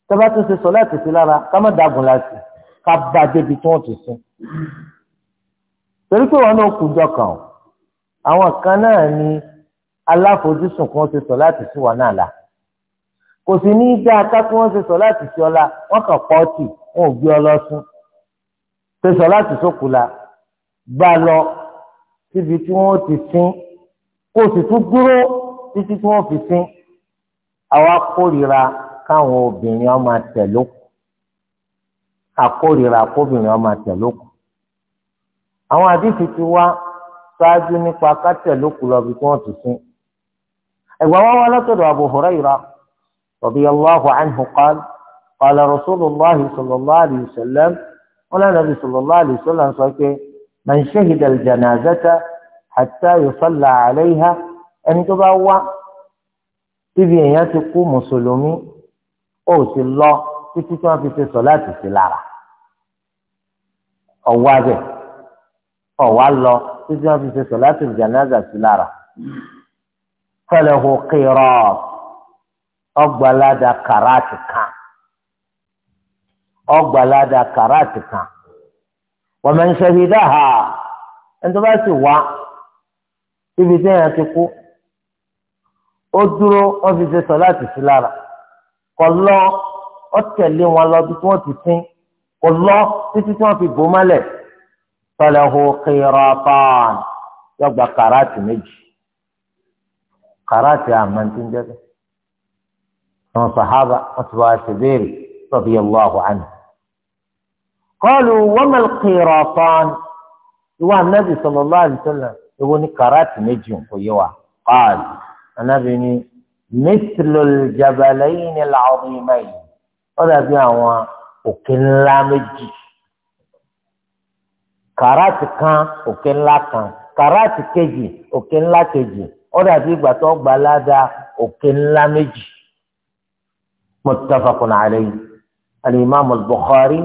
tọ́ba tó ṣe sọ láti sí lára ká má dagun láti ká bá débi tí wọ́n ti sin torí pé wọn náà kú jọ kàn ọ́ àwọn kan náà ni aláfojúsùn kí wọ́n ṣe sọ láti sí wa náà la kò sì ní í dáa ká kí wọ́n ṣe sọ láti sí ọlá wọ́n kàn pọ́ tì wọn ò gbé ọ lọ sún ṣe sọ láti sókù la gbá lọ síbi tí wọ́n ti sin kó o sì tún dúró títí tí wọ́n fi sin àwa kórìíra káwọn obìnrin ọmọ àtẹ̀lókù àkórìíra kóbìnrin ọmọ àtẹ̀lókù àwọn àdìsí ti wá ṣáájú nípa kátẹ̀lókù lọ́bi tí wọ́n ti sin ẹ̀gbọ́n wa wá látọ̀dọ̀ Abu Hurairah radiyallahu anhu qala qala Rasulullah sallallahu alaihi wasallam wọn lẹ́nu sọ pé man shahida aljanazata hatta yusalla alayha ẹni tó bá wá tíbi èèyàn ti kú mùsùlùmí ó sì lọ títí tí wọ́n fi ṣe sọ láti sí lára ọwọ abẹ ọwọ alọ títí tí wọ́n fi ṣe sọ láti janaza sí lára falahu qirat ọgbàládà kàràtì kan ọgbàládà kàràtì kan wọ́n máa ń ṣe ìdá ha ẹni tó bá sì wá ibi tí èèyàn ti kú ó dúró wọ́n fi ṣe sọ láti sí lára kọ lọ ọ tẹ̀lé wọn lọ bí wọ́n ti sin kọ lọ títí tí wọ́n fi bò mọ́lẹ̀ tọ́lẹ̀hu kìrọ̀tàn yọ gba kàràtì méjì kàràtì àmọ́ntíńdẹ́gbẹ́ àwọn sàhábà wọ́n ti wá ṣe béèrè radiyallahu anhu kọ́ọ̀lù wọ́mọ̀lù kìrọ̀ fún ìwà anábì sallallahu alaihi wasallam ewu ní kàràtì méjì kò yé wa kọ́ọ̀lù anábì ní mithlul jabalayni al-azimayn ó dàbí àwọn òkè ńlá méjì kàràtì kan òkè ńlá kan kàràtì kejì òkè ńlá kejì ó dàbí ìgbà tó òkè ńlá méjì muttafaqun alayhi al-imam al-Bukhari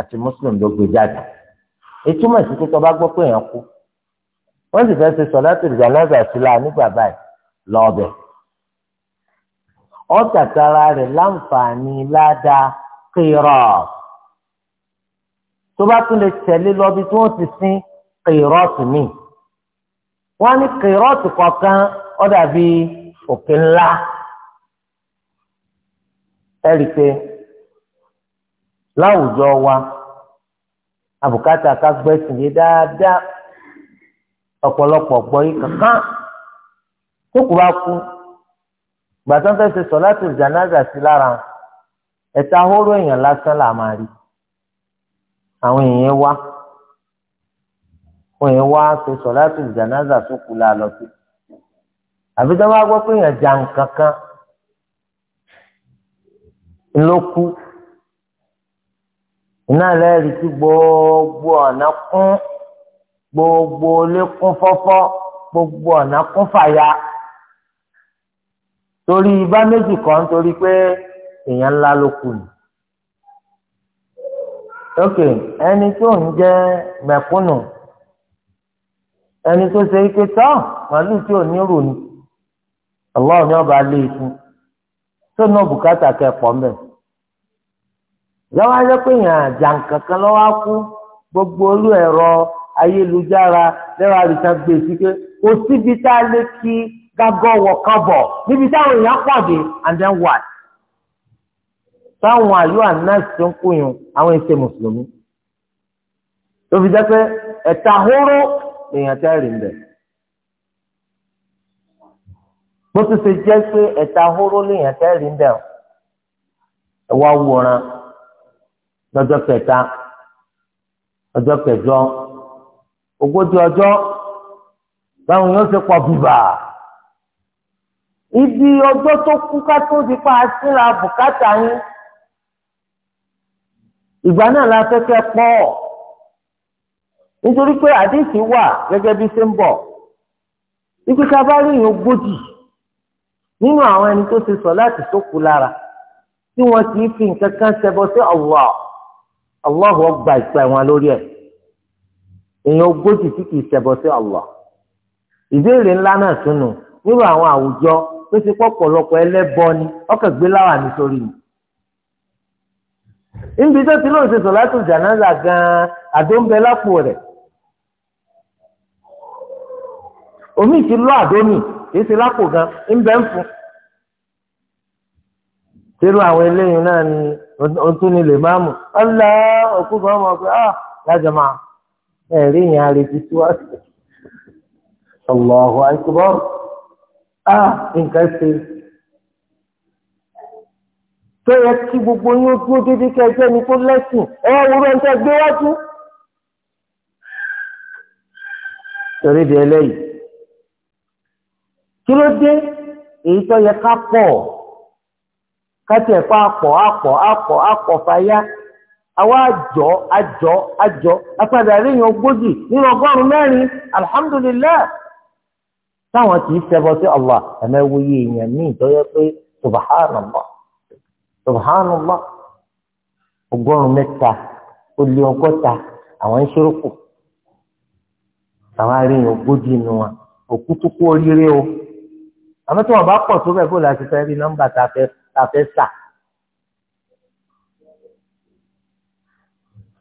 àti muslim ló gbé jáde ìtumọ̀ ìsìnkú tó bá gbọ́ pé èèyàn kú wọ́n sì fẹ́ ṣe sọ̀láàtì ìjànáza sílá nígbà báyìí lọ́ọ̀bẹ̀ ọ̀tàtàrà rẹ̀ láǹfààní ládàá kírọ̀ tó bá tún lè tẹ̀lé lọ́bi tí wọ́n ti sin kírọ̀tù míì wọ́n ní kírọ̀tù kọ̀ọ̀kan ó dàbí òkè ńlá ẹ̀rí pé láwùjọ wa àbùkátà ká gbẹ́sìn yé dáadáa ọ̀pọ̀lọpọ̀ gbọ́ yìí kankan tó kù bá kú gbàtàn fẹ́ ṣe sọ̀láàtù jánásà sí lára ẹ̀ta hóró èèyàn lásán là máa rí àwọn èèyàn wá wọn wá ṣe sọ̀láàtù jánásà tó kù là lọ sí àbí tó bá gbọ́ pé èèyàn jà nǹkan kan ló kú. iná lẹ́rìí tí gbogbo ọ̀nà kún gbogbo ilé kún fọ́fọ́ gbogbo ọ̀nà kún faya torí ibà méjì kan torí pé èèyàn ńlá ló kù ní. ok ẹni tó ń jẹ mẹkúnnù ẹni tó ṣe ike tán màálù tí ò ní rò ní ọlọ́run ọba lé ikú e tó ná bùkátà kẹ pọ̀ mẹ́rin. lọ́wọ́ ajẹ́ pé yàn gbogbo olú ẹ̀rọ ayélujára lẹ́wọ̀ àrùtà gbé sí kò síbi tá a lè kí gágọ́ wọ̀ kan níbi táwọn èèyàn pàdé and then what? táwọn àlọ́ ànáàsì tó ń kúyùn àwọn ẹsẹ̀ mùsùlùmí tó fi pé ẹ̀ta tẹ́ lọ́jọ́ kẹta ọjọ́ kẹjọ ogójì ọjọ́ báwọn yóò ṣe pọ̀ bùbà ibi ọjọ́ tó kú ká tó di pa síra bùkátà yín ìgbà náà la fẹ́kẹ́ pọ̀ nítorí pé àdéhìí wà gẹ́gẹ́ bí ṣe ń bọ̀ ibi ká bá rí ogójì nínú àwọn ẹni tó ṣe sọ láti tó kú lára tí wọ́n ti fi nǹkan kan ṣẹbọ sí Allah. Allahu gba ìpè wọn lórí ẹ̀ èèyàn ogójì tí kìí sí Allah ìbéèrè ńlá náà túnú nírú àwọn àwùjọ tó ti ẹlẹ́bọ ni ọkàn gbé láwà nítorí mi níbi tó ti lóun ṣe gan-an àdó ń bẹ omi ti lọ àdó mi kìí gan ń bẹ tẹ́lú àwọn eléyìí náà ni ọtún ni lè máa mú ọlá òkú kan mọ̀ pé ah lájọ máa ẹ̀rí yẹn àrètí síwájú ọlọ́hu ah nǹkan ṣe tó yẹ kí gbogbo yín ó dúró ni kó lẹ́sìn ẹ wúrọ̀ ń tẹ́ gbé wájú. torí di kí ló dé èyí káti ẹ̀fọ́ àpọ̀ àpọ̀ àpọ̀ àpọ̀ fàyà àwa àjọ ajọ ajọ apádà ríyan ogójì nínú ọgọ́rùn-ún mẹ́rin alihamudulilayi táwọn kì í ṣẹbọ sí Allah ẹ̀mẹ́ wo èèyàn ní ìtọ́jọ́ pé subhanallah subhanallah ọgọ́rùn-ún mẹ́ta ó lé ọgọ́ta àwọn ń ṣerúkù àwọn ogójì nù wọn la fẹ́ sà.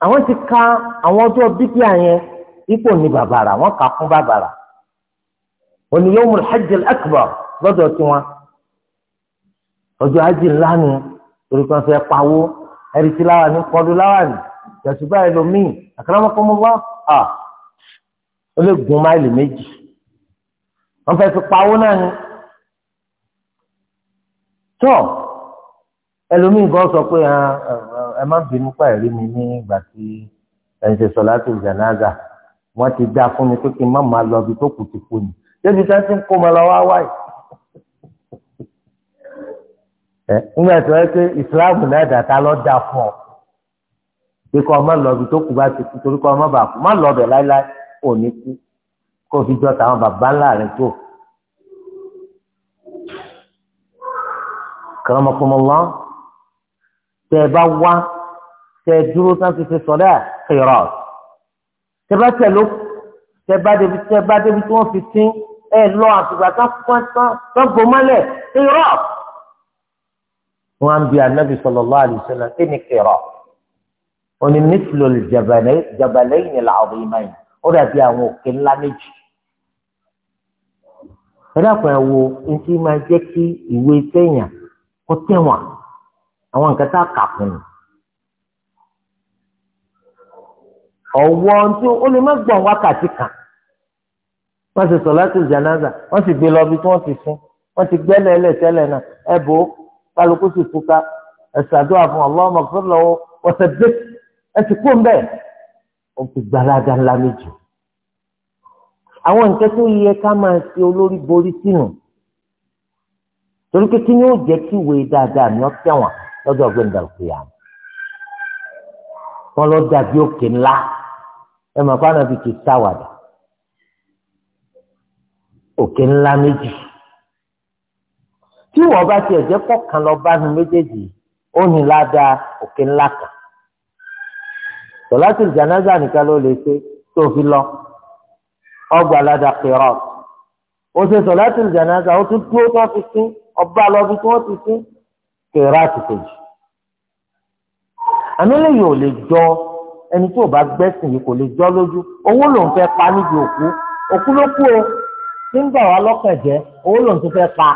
àwọn ti ka àwọn ọjọ́ bíbíà yẹn ipò ní bàbàrà wọ́n kà fún bàbàrà òní yawmul hajjil akbar lọ́dọ̀ tiwọn ọjọ́ ajé ńlá ni torí kan fẹ́ pawó ẹ̀rí láwa ní kọlu láwa ní jàdùbá ẹlòmíì àkàràmọ́kọ́mọ́wá à ó lè gun máìlì méjì wọ́n fẹ́ fi pawó náà ni. tọ́ ẹlòmíì gan sọ pé ah, ah, ẹ má bínú pa ẹ̀rí mi ní ìgbà tí ẹ̀ ń ṣe sọ̀látù jánásà wọ́n ti dá fún mi pé kí n má máa lọ ibi tó kù ti kú ni débi tí wọ́n ti ń kó ma lọ wá wáyé. nígbà tí wọ́n ṣe ìsìláàmù náà dàtà lọ dá fún ọ pé kọ́ ọ má lọ ibi tó kù bá ti kú torí kọ́ ọ má bàa kú má lọ ọbẹ̀ láéláé ò ní kú kó fi jọ tàwọn bàbá ńlá rẹ tó. karamakumullah tẹ ẹ bá wá tẹ ẹ dúró tán fi ṣe sọlẹ kẹrọ tẹ bá tẹ ló tẹ bá débi tẹ bá débi tí wọn fi sín ẹ lọ àtùgbà tán fún tán gbó mọ́lẹ̀ kẹrọ wọn á anabi sallallahu alaihi wasallam kí ni kẹrọ oní mísìlò jabalẹyìn ni làwọn ọmọ yìí ó dàbí àwọn òkè ńlá méjì ẹ dàpọ̀ ẹ wo ntí máa jẹ́ kí ìwé sẹ́yìn kó tẹ̀wọ̀n àwọn nǹkan tá a kà fún ni. ọ̀wọ́ tí ó lè má gbọ̀n wákàtí kan wọ́n ti sọ̀ láti jànáza wọ́n sì gbé lọ bí wọ́n ti fún wọ́n ti gbẹ́lẹ̀ ẹlẹ̀ náà ẹ bò ó kálukú sì túká ẹ ṣàdúrà fún Allahumma ighfir lahu wa thabbit ẹ sì kú mbẹ́ ó ti gbalaga ńlá méjì. àwọn nǹkan tó yẹ ká máa ṣe olórí borí sínú torí pé kí ni ó jẹ́ kí ìwé dáadáa ni ó tẹ̀wọ̀n lọ́jọ́ gbẹ̀ndà kìyàm wọn lọ dàbí òkè ńlá ẹ mọ̀ pé ànábì kì í sáwàdà òkè ńlá méjì tí wọ́n bá tiẹ̀ jẹ́ kọ̀ọ̀kan lọ bá nu méjèèjì ó ní ládàá òkè ńlá kan tọ́lásì jànáza nìkan ló lè ṣe tó fi lọ ọgbà ládàá kìrọ̀ ó ṣe tọ́lásì jànáza ó tún dúró tó fi sí ọba lọ bí ti sí. kẹrẹ àtìkèjì àmì lẹ́yìn ò lè jọ ẹni tí ò bá gbẹ́sìn yìí kò lè jọ lójú owó lòun fẹ pa níbi òkú òkú ló kú o nígbà ń gbà jẹ lọ́kàn jẹ́ owó lòun tó fẹ pa.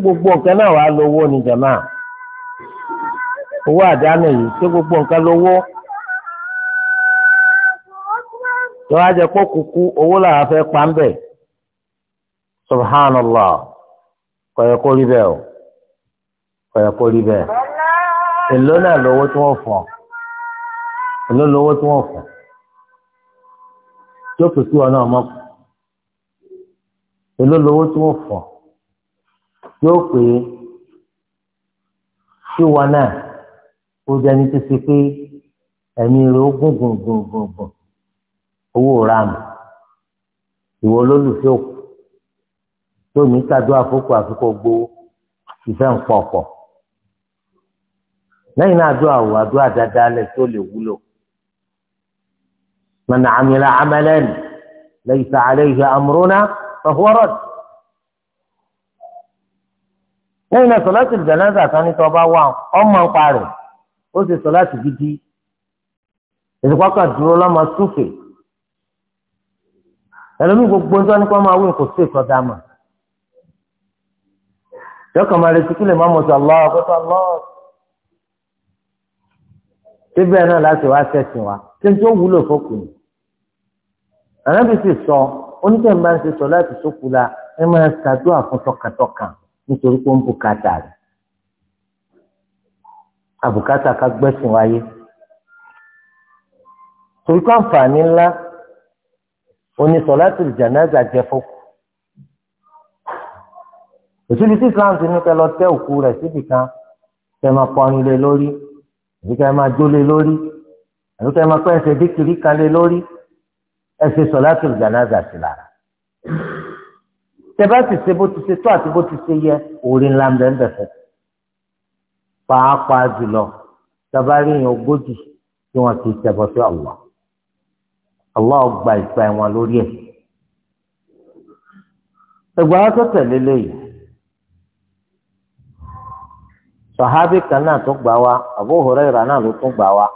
gbogbo nǹkan náà wàá lówó ni jàmá owó àdánù yìí ṣé gbogbo nǹkan lówó tó wá jẹ kó kúkú owó làwọn fẹ́ pa ń bẹ subhanallah kọyọ kó rí bẹ́ẹ̀ o kọyọ kó rí bẹ́ẹ̀ èló náà lówó tí wọ́n fọ èló lówó tí wọ́n fọ tí ó kù sí ọ náà mọ èló lówó tí wọ́n fọ yóò pé síwa náà ó jẹni tó ṣe pé ẹ̀mí rẹ̀ ó gùn gùn gùn gùn gùn owó ràmù ìwọ olólùfẹ́ òkú tó ní kádó àkókò àfikò gbowó ìfẹ́ ńpọ̀ pọ̀ lẹ́yìn náà àdúrà wò àdúrà dáadáa lẹ̀ tó lè wúlò man amila amalan laysa alayhi amruna fahuwa radd lẹ́yìn náà sọ̀láṣì jánásà tán ní tọ́ba wà ọmọ ń parẹ̀ ó sì sọ̀láṣì gidi ìsìnkọ́kà dúró lọ́mọ súfè ẹlòmíì gbogbo ń tọ́ nípa máa wí kò sí ìtọ́jà mà yọkàn máa retí kílè má mọ̀ sí ọlọ́ọ̀ pẹ́tọ́ síbẹ̀ náà láti wá sẹ́sìn wa tí n tó wúlò fókùn ànábì sì sọ oníkẹ́ ń bá ń ṣe sọ láti sókùlà ẹ máa ṣàdúrà fún tọkàntọkàn nítorí pé ó ń bùkátà rẹ̀ àbùkátà ká gbẹ́sìn wáyé torí pé àǹfààní ńlá onísọ̀látù jánásà jẹ́ fọ́kù òṣèlú tí Islam ti ní kẹ́ lọ tẹ́ òkú rẹ̀ síbi kan kẹ́ máa pọnrin lé lórí àbí kẹ́ máa jó lé lórí àbí kẹ́ máa pẹ́ ẹsẹ̀ díkìrí kan lé lórí ẹsẹ̀ sọ̀látù jánásà sí lára tẹ́bá ti ṣe bó ti ṣe tó àti bó ti ṣe yẹ orí ńlá ń bẹ́ẹ̀ bẹ̀fẹ̀. pàápàá jùlọ tabari yẹn ogójì tí wọ́n ti ṣẹbọ sí Allah Allah gba ìgbà wọn lórí ẹ̀. ẹgbẹ́ wọn tó tẹ̀lé lẹ́yìn sọ̀hábì kan náà tó gbà wá Abu Hurairah náà ló tún gbà wá.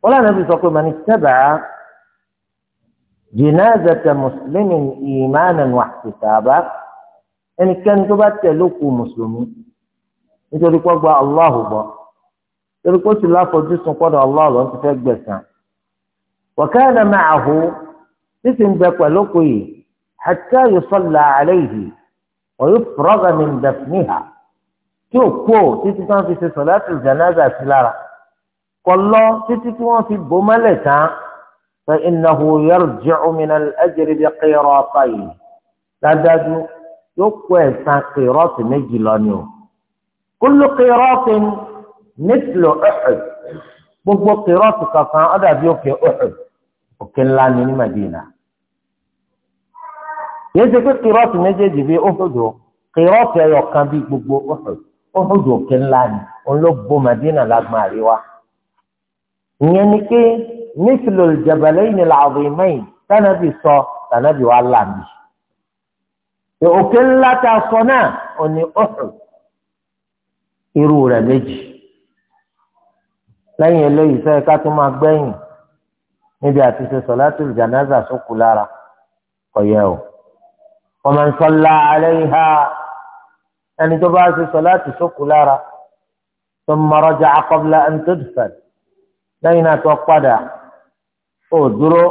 wọ́n lànà bí sọ pé mọ̀ ní jìnnàzàtà mùsùlùmí ìmáàna wà kìtàbà ẹnikẹ́ni tó bá tẹ̀lé òkú mùsùlùmí nítorí pé gba Allahu gbọ́ torí pé ó sì láfojúsùn pọ́dọ̀ Allahu ló ń ti fẹ́ gbẹ̀sán wa kana ma'ahu títí ń bẹ pẹ̀lú òkú yìí hatta yusalla alayhi wa yufraga min dafniha tí ò kú títí tí wọ́n fi ṣe sọ̀láàtì jánásà sí lára kọ̀lọ́ títí tí wọ́n fi bò mọ́lẹ̀ tán. فإنه يرجع من الأجر بقيراطين لدادو يقوى قيراط مجلانيو كل قيراط مثل أحد gbogbo kìrọ́ọ̀tù kankan ọ̀dà bíi òkè ọ̀hún òkè ńlá ni ní Madina. yéé ṣe pé kìrọ́ọ̀tù méjèèjì bíi ọ̀húndò kìrọ́ọ̀tù ẹyọ kan bíi gbogbo ọ̀húndò òkè ńlá ni òun ló bo Madina lágbàá àríwá. ìyẹn ni pé nífìlò ìjẹ̀bẹ̀lẹ́ ìnìlà àbùmẹ́yìn tánàbì sọ tánàbì wà láàmì. òkè ńlá ta sọ náà ò ní ọ̀hún irú rẹ̀ méjì. lẹ́yìn eléyìí sẹ́yìn ká tó máa gbẹ́yìn níbi àti ṣe sọ̀látù jánásà sókù lára ọ̀yẹ́ o. wọ́n máa alẹ́ ìhà ẹni tó bá ṣe sọ̀látù sókù lára tó ń mọ̀rọ̀ jà qabla an lẹ́yìn náà tó padà ò dúró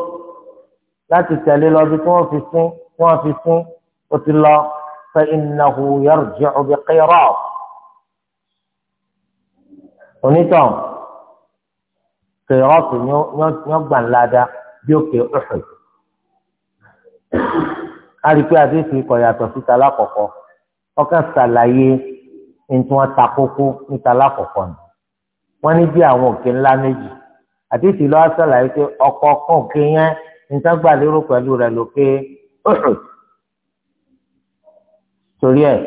láti tẹ̀lé lọ bí wọ́n fi sún wọ́n fi sún ó ti lọ fa innahu yarji'u bi qirat onítàn qirat ni wọ́n gbà ńlá dá bí ó ké Uhud alùpùpù àdéhùn ikọ̀ yàtọ̀ síta lákọ̀ọ́kọ́ ọkàn ṣàlàyé ní ta kókó níta lákọ̀ọ́kọ́ ni wọ́n ní bí àwọn òkè ńlá méjì àdìsí lọ́wọ́ sàlàyé pé ọkọ̀ kan òkè yẹn níta gbà lérò pẹ̀lú rẹ̀ lókè Uhud torí ẹ̀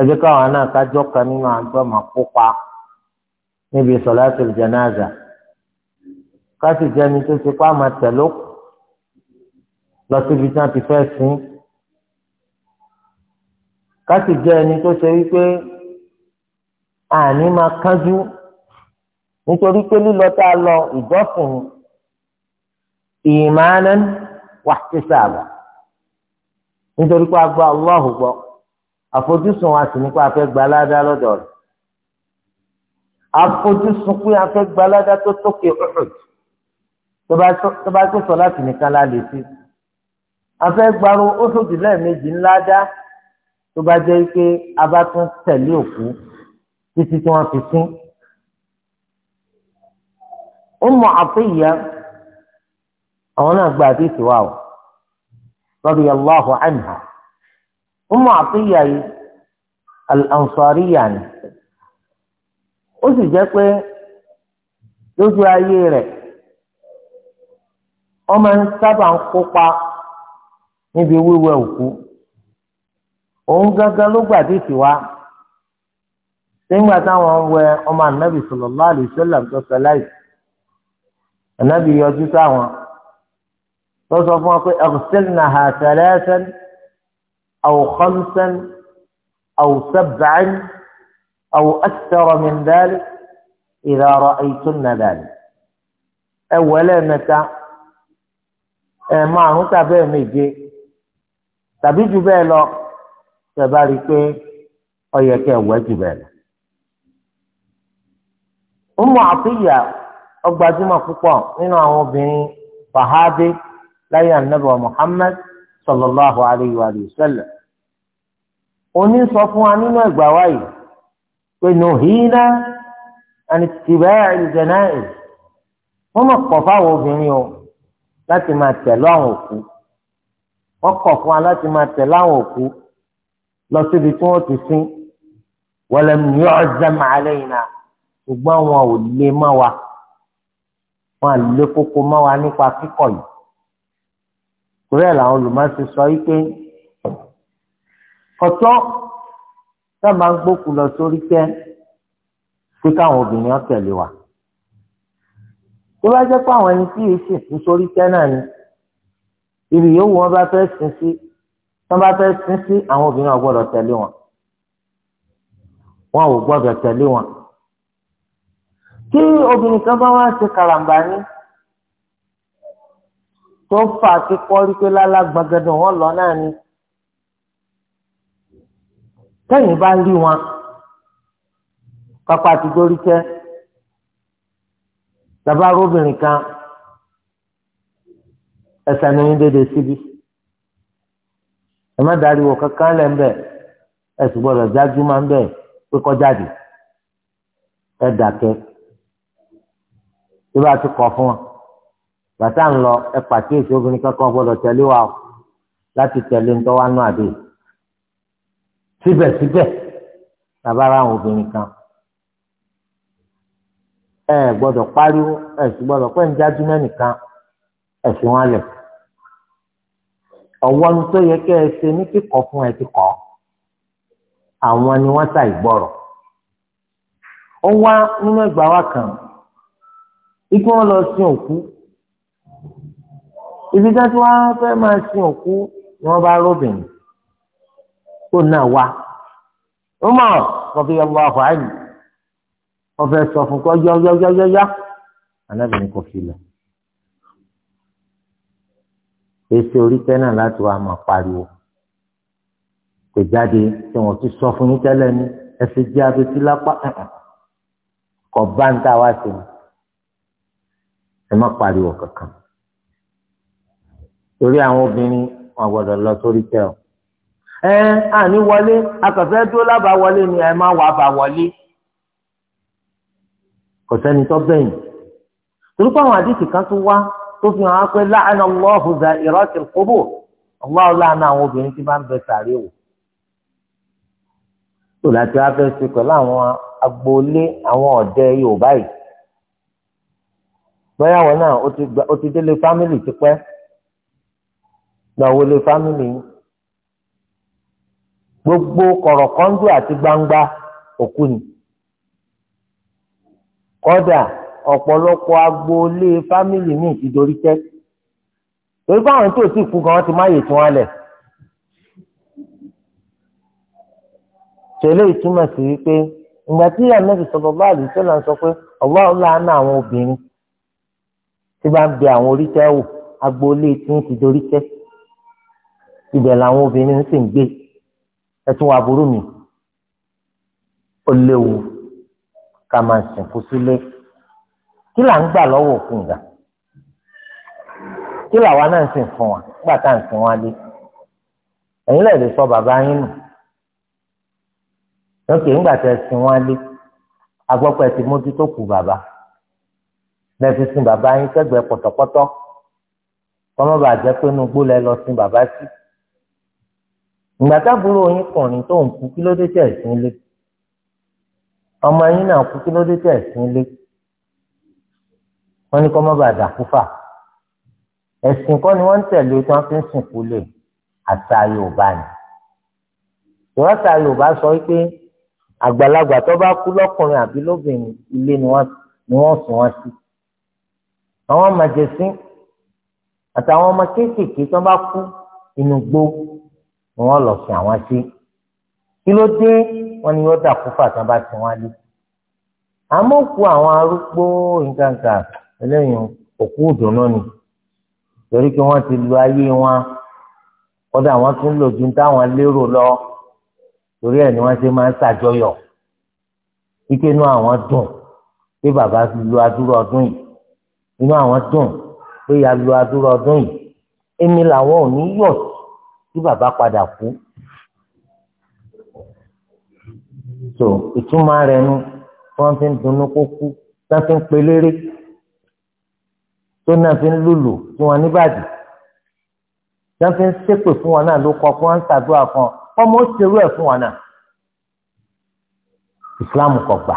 ẹ jẹ́ káwọn náà kájọ́ kan nínú àjọ máa kópa níbi sọ̀láṣẹ̀ jẹnáàzà káṣí jẹni tó ti pa máa tẹ̀ló lọ síbi tí wọ́n ti fẹ́ sin káṣí jẹ́ ẹni tó ṣe wípé àní máa kánjú nítorí pé lílọ tá a lọ ìjọsìn ìmánan wàhtísàbà nítorí pé a gba Allahu gbọ́ àfojúsùn wa sì ní pé a fẹ́ gba aládá lọ́dọ̀ rẹ̀ àfojúsùn pé a fẹ́ gba aládá tó tókè Uhud tó bá tó sọ láti nìkan la lè fi a fẹ́ gbarò Uhud lẹ́ẹ̀mejì ńlá dá tó bá jẹ́ pé a bá tún tẹ̀lé òkú títí tí wọ́n fi sín. ụmụ Ummu ọhụrụ na-agba gba si wa o allahu anha ụmụ Atiyya yìí al ya ni o si jẹ́ pé lójú ayé rẹ̀ wọ́n ń sábà ń kópa níbi wíwẹ̀ òkú òun gangan ló gbàdéhùn wa nígbà táwọn ń wẹ ọmọ anabi sallallahu alaihi wasallam tó sọ ànábì yọjú sáwọn lọ sọ fún wa pé aghsilnaha thalathan aw khamsan aw sab'an aw akthara min dhalik idha ra'aytunna dhalik ẹ wọlé mẹ́ta ẹ márùn tàbí ẹ méje tàbí jù bẹ́ẹ̀ lọ tẹ́ bá rí i pé ó yẹ kẹ́ wẹ̀ jù bẹ́ẹ̀ lọ. Ummu Atiyya. ọgbàdúmọ̀ púpọ̀ nínú àwọn obìnrin fàhádé láyé ànábì Muhammad sallallahu alayhi wa sallam. oní sọ fún wa nínú ẹgbà wáyé pé nùhínà àti tìbẹ́ ìjẹnáì wọ́n mọ̀ pọ̀ fáwọn obìnrin o láti máa tẹ̀lé àwọn òkú wọ́n kọ̀ fún wa láti máa tẹ̀lé àwọn òkú lọ síbi tí wọ́n ti sin wọlé mi yọ ọ́ zẹ́mà àlẹ́ náà ṣùgbọ́n wọn ò lè má wa wọn àlè kókó mọ́ wa nípa kíkọ̀ yìí torí ẹ̀ làwọn olùmọ̀ọ́sí sọ yìí pé ọ̀tọ́ tá a máa ń gbókù lọ sórí tẹ́ pé káwọn obìnrin ọ̀tẹ̀lé wa tó bá jẹ́ pé àwọn ẹni tí yìí sì kú sórí tẹ́ náà ni ibi yòówù wọn bá fẹ́ sin sí wọn bá fẹ́ sin sí àwọn obìnrin ò tẹ̀lé wọn wọn ò gbọ́dọ̀ tẹ̀lé wọn tí obìnrin kan bá wá ṣe karambà ní tó fà á ti kọ́ rí pé lálá gbàgẹ́dọ̀ wọn lọ náà ni tẹ́yìn bá rí wọn pápá ti dórí tẹ́ bàbá arúbìnrin kan ẹsẹ̀ ní dédé síbi ẹ má darí wọ kankan lẹ́ ń bẹ̀ ẹ gbọ́dọ̀ jájú máa ń bẹ̀ pé kọjáde ẹ dàkẹ́ tó bá ti kọ̀ fún wọn bàtà ń lọ ẹ pàkíyèsí obìnrin kankan gbọ́dọ̀ tẹ̀lé wa láti tẹ̀lé ń tọ́wá náà dé síbẹ̀síbẹ̀ bàbá àwọn obìnrin kan ẹ gbọ́dọ̀ pariwo ẹ sì gbọ́dọ̀ pẹ́ ń jájú mẹ́nìkan ẹ fi wọn lẹ̀ ọ̀wọ́n tó yẹ kẹ́ ẹ ṣe ní kíkọ́ fún ẹ ti kọ́ àwọn ni wọ́n ṣàìgbọ́rọ̀ ó wá nínú ìgbà wa kan ikú wọn lọ sin òkú ibi tí wọn fẹ́ máa sin òkú ni wọn bá rọbìn tó náà wá Umar radiyallahu anhu ọfẹ sọ fún kọ yọyọyọyọyọ anábìrin kò fi lọ èsì orí tẹ náà láti wá máa pariwo kò jáde tí wọn ti sọ fún yín tẹ́lẹ̀ ní ẹsẹ jẹ abetí lápá kọ bá ń tà wá sí i ẹ má pariwo kankan torí àwọn obìnrin wọn gbọ́dọ̀ lọ sórí tẹ ọ ẹ àní wọlé akọfẹ dúró lábàá wọlé ni ẹ má wà bá wọlé kò sẹ́ni tó bẹyìn torí pé àwọn àdìsí kan tó wá tó fi hàn án pé láàánú ọlọ́hùn za ìrọ́sì kóbò ọlọ́hùn láàánú àwọn obìnrin tí bá ń bẹ sàárè wò tó wá fẹ́ ṣe pẹ̀lú àwọn agboolé àwọn ọ̀dẹ Yorùbá yìí bóyá wọn náà ó ti délé fámìlì tipẹ́ gbàwọlé fámìlì yín gbogbo kọ̀rọ̀kọ́ńdù àti gbangba òkú ni kọ́dà ọ̀pọ̀lọpọ̀ agboolé fámìlì míì ti dorí tẹ́ torí báwọn tó sì kú gan wọn ti máyè tí wọn lẹ̀ tẹ̀lé ìtumọ̀ sí wípé ìgbà tí ànábì sallallahu alaihi wasallam sọ pé ọ̀gbọ́n ọ̀la ń àwọn obìnrin tí bá ń bẹ àwọn oríṣẹ́ wò agboolé tí wọ́n ti doríṣẹ́ ibẹ̀ làwọn obìnrin sì ń gbé ẹtún wà burú mi ó léwu ká máa sìnkú sílé kí là ń gbà lọ́wọ́ òfin ìgbà kí làwa náà ń sìn fún wa nígbà tá à ń sìn wá lé ẹ̀yin lè sọ bàbá yín nù lókè ńgbà tẹ̀ sìn wá lé agbọ́pẹ́ ti mójútó kù bàbá lẹ́sìn sin bàbá yín sẹ́gbẹ̀ẹ́ pọ̀tọ̀pọ̀tọ̀ kọ́mọ́ bàá jẹ́ pé inú gbó lẹ lọ sin bàbá sí. ìgbà tábúrò yín kùnrin tó ń kú kí ló dé tẹ̀ sí ilé ọmọ yín náà kú kí ló dé tẹ̀ sí ilé wọ́n ní kọ́mọ́ bàá dà fúfà ẹ̀sìn kọ́ ni wọ́n ń tẹ̀lé tí wọ́n fi ń sìnkú lè àṣà Yorùbá ni ìrọ́ṣà Yorùbá sọ wípé àgbàlagbà tó bá kú lọ́kùnrin àbí lóbìnrin ilé ni wọ́n sùn wọ́n sí àwọn màjèsí àtàwọn ọmọ kéékèèké tó bá kú inú gbó ni wọn lọ sí àwọn sí kí ló dé wọn ni yóò dà kúfà tó bá ti wọn lé àmọ́ òkú àwọn arúgbó nǹkankan eléyìí òkú ìdùnnú ni torí pé wọn ti lu ayé wọn kódà wọn tún lò ju táwọn lérò lọ torí ẹ̀ ni wọn ṣe máa ń ṣàjọyọ̀ kíkénú àwọn dùn pé bàbá lu adúrò ọdún yìí inú àwọn dùn pé ya lu adúrò ọdún yìí èmi làwọn ò ní yọ̀ tí bàbá padà kú so ìtumọ̀ rẹ̀ nu tí wọ́n fi ń dunnú kó kú tí wọ́n fi ń pelére tó náà fi ń lùlù tí wọ́n níbàdí tí wọ́n fi ń ṣépè fún wọn náà ló kọ́ fún wọn ń ṣàdúrà kan ọmọ ó ṣerú ẹ̀ fún wọn náà ìsìláàmù kọ̀ gbà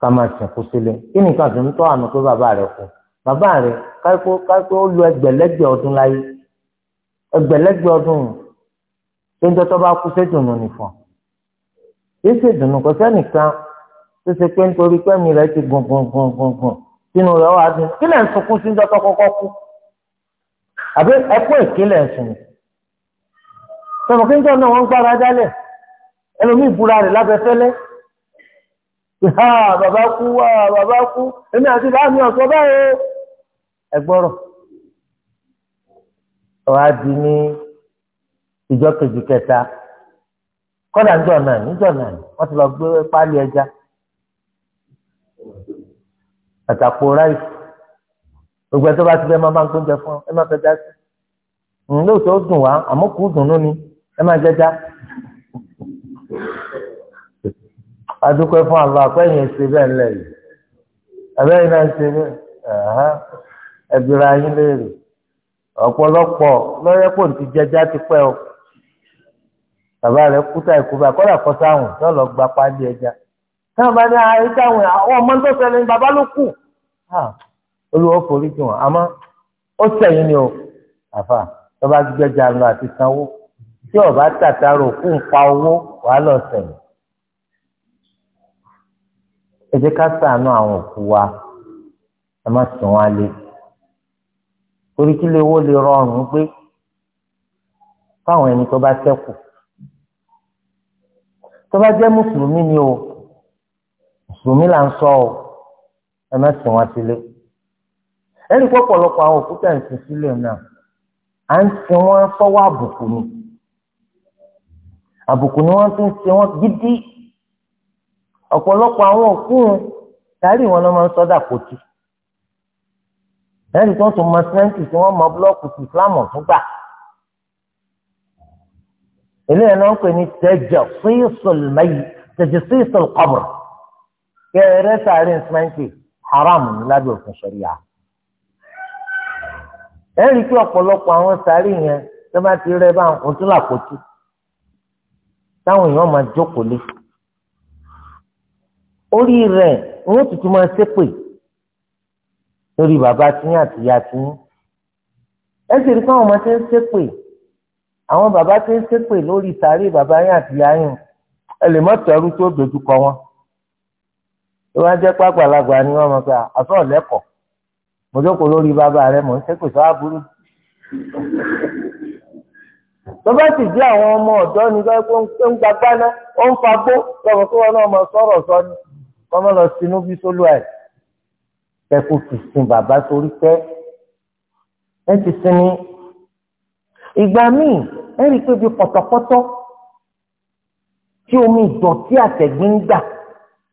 ká máa sìnkú sílẹ̀ kí nìkan sì ń tọ́ àmì pé bàbá rẹ̀ kú bàbá rẹ̀ káíkó káíkó ó lu ẹgbẹ̀lẹ́gbẹ̀ ọdún láyé ẹgbẹ̀lẹ́gbẹ̀ ọdún tó ń tọ́tọ́ bá kú sédùnú nìfọ̀n kì í ṣèdùnú kò sẹ́nìkan tó ṣe pé nítorí pẹ́mi rẹ̀ ti gùn gùn gùn gùn gùn sínú rẹ̀ wá dùn kí lẹ́ ń sunkún sí dọ́tọ́ kọ́kọ́ kú àbí ẹkún ìkílẹ̀ ń sùn sọ̀rọ̀ náà wọ́n gbára dálẹ̀ ẹlòmíì búra rẹ̀ lábẹ́fẹ́lẹ́ ha bàbá kú wá bàbá kú èmi àti láàmì ọ̀sọ́ báyìí ẹgbọ́rọ̀ ọ̀hà di ní ìjọ kejì kẹta kọ́dà níjọ náà níjọ náà wọ́n ti lọ gbé páálí ẹja àtàkù ráìsì gbogbo ẹ̀ tó bá ti bẹ́ẹ̀ máa bá ń gbóúnjẹ fún ẹ má fẹ́ já sí lóòótọ́ dùn wá àmọ́ kù dùn lónìí ẹ má jẹ́ já. adúpẹ́ fún àlọ́ àpẹ́yìn ṣe bẹ́ẹ̀ ńlẹ̀ yìí náà ṣe léèrè ọ̀pọ̀lọpọ̀ lọ́yẹ́ kò ti ti pẹ́ o bàbá rẹ kúta ìkúba kọ́dà kọ́ sáwọn náà lọ gba pálí ẹja náà bá ní ayé ah, táwọn àwọn ọmọ tó bàbá ló kù ah, olùwọ́ forí ẹ jẹ́ ká ṣàánú àwọn òkú wa ẹ má sùn wá lé torí kí lè wó lè rọrùn pé fáwọn ẹni tó bá ṣẹ́kù tó bá jẹ́ mùsùlùmí ni o mùsùlùmí là ń sọ o ẹ má sùn wá sílé ẹnì pọ̀pọ̀lọpọ̀ àwọn òkú tẹ̀ ń sin sílé náà à ń sin wọn fọwọ́ àbùkù ni àbùkù ni wọ́n ti ń sin wọn gidi ọ̀pọ̀lọpọ̀ àwọn òkun dárí wọn lọ́ máa ń sọ́dà kòtù lẹ́yìn tó ń tún mọ sẹ́ńtì tí wọ́n mọ búlọ́ọ̀kù tí Islam tún gbà eléyìí náà ń pè ní tajsisul mayt tajsisul qabr kẹrẹ sàárín sẹ́ńtì haram ní lábẹ́ òfin ṣẹ̀ríà ẹ̀rí kí ọ̀pọ̀lọpọ̀ àwọn sàárín yẹn tó bá ti rẹ́ bá ń tún làkòtù táwọn èèyàn máa jókòó lé orí rẹ̀ wọ́n tuntun máa ṣépè lórí bàbá tiyín àti ìyá tiyín ẹ sì rí káwọn ọmọ tí ń ṣépè àwọn bàbá tí ń ṣépè lórí sàárè bàbá yín àti ìyá yín ẹ lè má tẹrú tó dojú kọ wọn tó bá jẹ́ pàgbàlagbà ni wọ́n mọ̀ pé àfẹ́ ọ̀lẹ́kọ̀ọ́ mo jókòó lórí bàbá rẹ mò ń ṣépè sọ́wọ́ aburú tó bá sì jẹ́ àwọn ọmọ ọ̀dọ́ ni wọ́n ń gbagbá náà ó ń fagbó lọ́wọ́ kí wọ́n náà mọ sọ̀rọ̀ sọ ni kọ́mọ́ lọ sínú bí sólù ẹ̀ tẹ́kù fi sin bàbá sórí tẹ́ ẹ ti sinmi ìgbà míì ẹ rí i pé bí pọ̀tọ̀pọ̀tọ̀ tí omi ìdọ̀tí àtẹ̀gbín gbà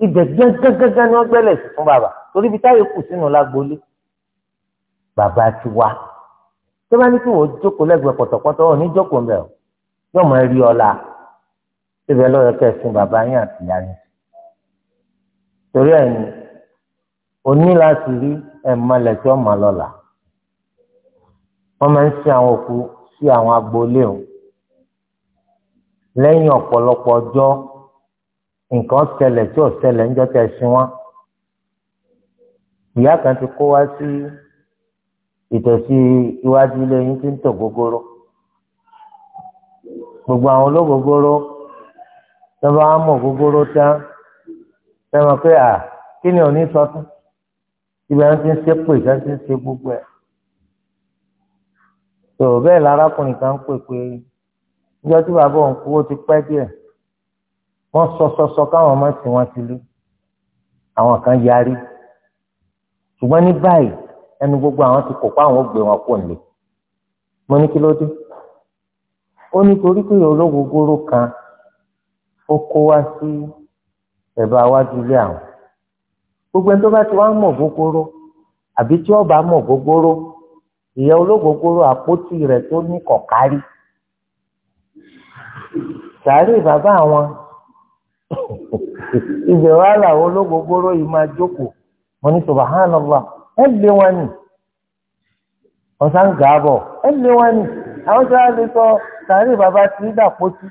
ibẹ̀ gángangangan ni wọ́n gbẹ́lẹ̀ sí fún bàbá torí ibi táyé kù sínú lágbolé bàbá ti wá tó bá ní kí wọ́n jókòó lẹ́gbẹ̀ẹ́ pọ̀tọ̀pọ̀tọ̀ wọn ní jókòó mbẹ́ o yóò mọ rí ọlá ibẹ̀ lọ́yọ̀ kẹsìn bàbá yín àti ìyá yín torí ẹ̀ ní oní láti rí ẹ̀mọ́lẹ̀ tí ọ̀mà lọ́la wọ́n máa ń sin àwọn òkú sí àwọn agboolé o lẹ́yìn ọ̀pọ̀lọpọ̀ ọjọ́ nǹkan ṣẹlẹ̀ tí ò ṣẹlẹ̀ níjọ́ tẹ̀ sí wọn ìyá kan ti kó wá sí ìtòsí iwájú ilé yín tí ń tò gógóró gbogbo àwọn ológógóró tó bá mọ̀ gógóró tán sẹ́wọ̀n pé à kí ni òní sọ tán ibẹ̀ ń ti ń ṣépè ìjọ ti ń ṣe gbogbo ẹ̀ tó bẹ́ẹ̀ lárákùnrin kan ń pè pé ìjọ tí bàbá òun kú ó ti pẹ́ díẹ̀ wọ́n sọsọsọ káwọn ọmọ sí wọn ti lé àwọn kan yarí ṣùgbọ́n ní báyìí ẹnu gbogbo àwọn ti kọ̀ pé àwọn gbé wọn kò nílé mo ní kí ló dé ó ní torí pé olóògógóró kan ó kó wá sí. Si, ẹ̀bá wájú ilé àwọn gbogbo ẹni tó bá ti wá mọ̀ gbogbooro àbí tí ọba mọ̀ gbogbooro ìyá olóògbogbooro àpótí rẹ̀ tó ní kọ̀kárí sàárè bàbá àwọn *laughs* ibẹ̀ wá làwọn olóògbogbooro yìí máa jókòó mo ní subahánàlá ẹ lé wọn nì wọn bọ̀ ẹ lé wọn nì àwọn sáré lè sọ sàárè bàbá tí dàpótí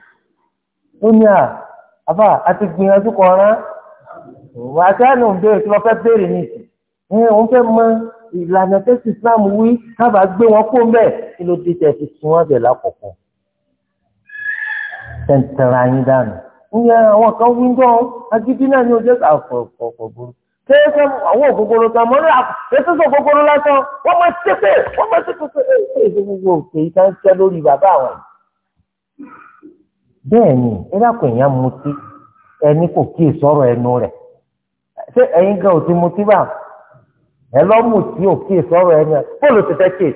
ó ní à àbá àti gbìyànjú kan rán wà á sẹ́nu béèrè tí wọ́n fẹ́ béèrè ní ìsìn ẹ̀ òun fẹ́ mọ ìlànà tẹ́sí Islam wí kábà gbé wọn kó mbẹ́ kí ló dé tẹ̀ fi sun wọn bẹ̀ lákòókò tẹ̀ntẹ̀rẹ̀ ayé dànù ìyẹn àwọn kan wí ń dán agídí náà ní ojú ẹ̀ka ọ̀pọ̀ọ̀pọ̀ burú kéèké àwọn òkòkòrò kan mọ́ nílà ètùtù òkòkòrò lásán wọ́n máa ṣépè wọ́n máa ṣépè pé èyí gbogbo òkè bẹ́ẹ̀ ni ẹ dákun èèyàn mutí ẹni kò kí sọ̀rọ̀ ẹnu rẹ̀ ṣé ẹ̀yin gan ò ti mutí bá ẹ lọ́mù tí ò kí ìsọ̀rọ̀ ẹnu rẹ̀ bóòlù ti fẹ́ kí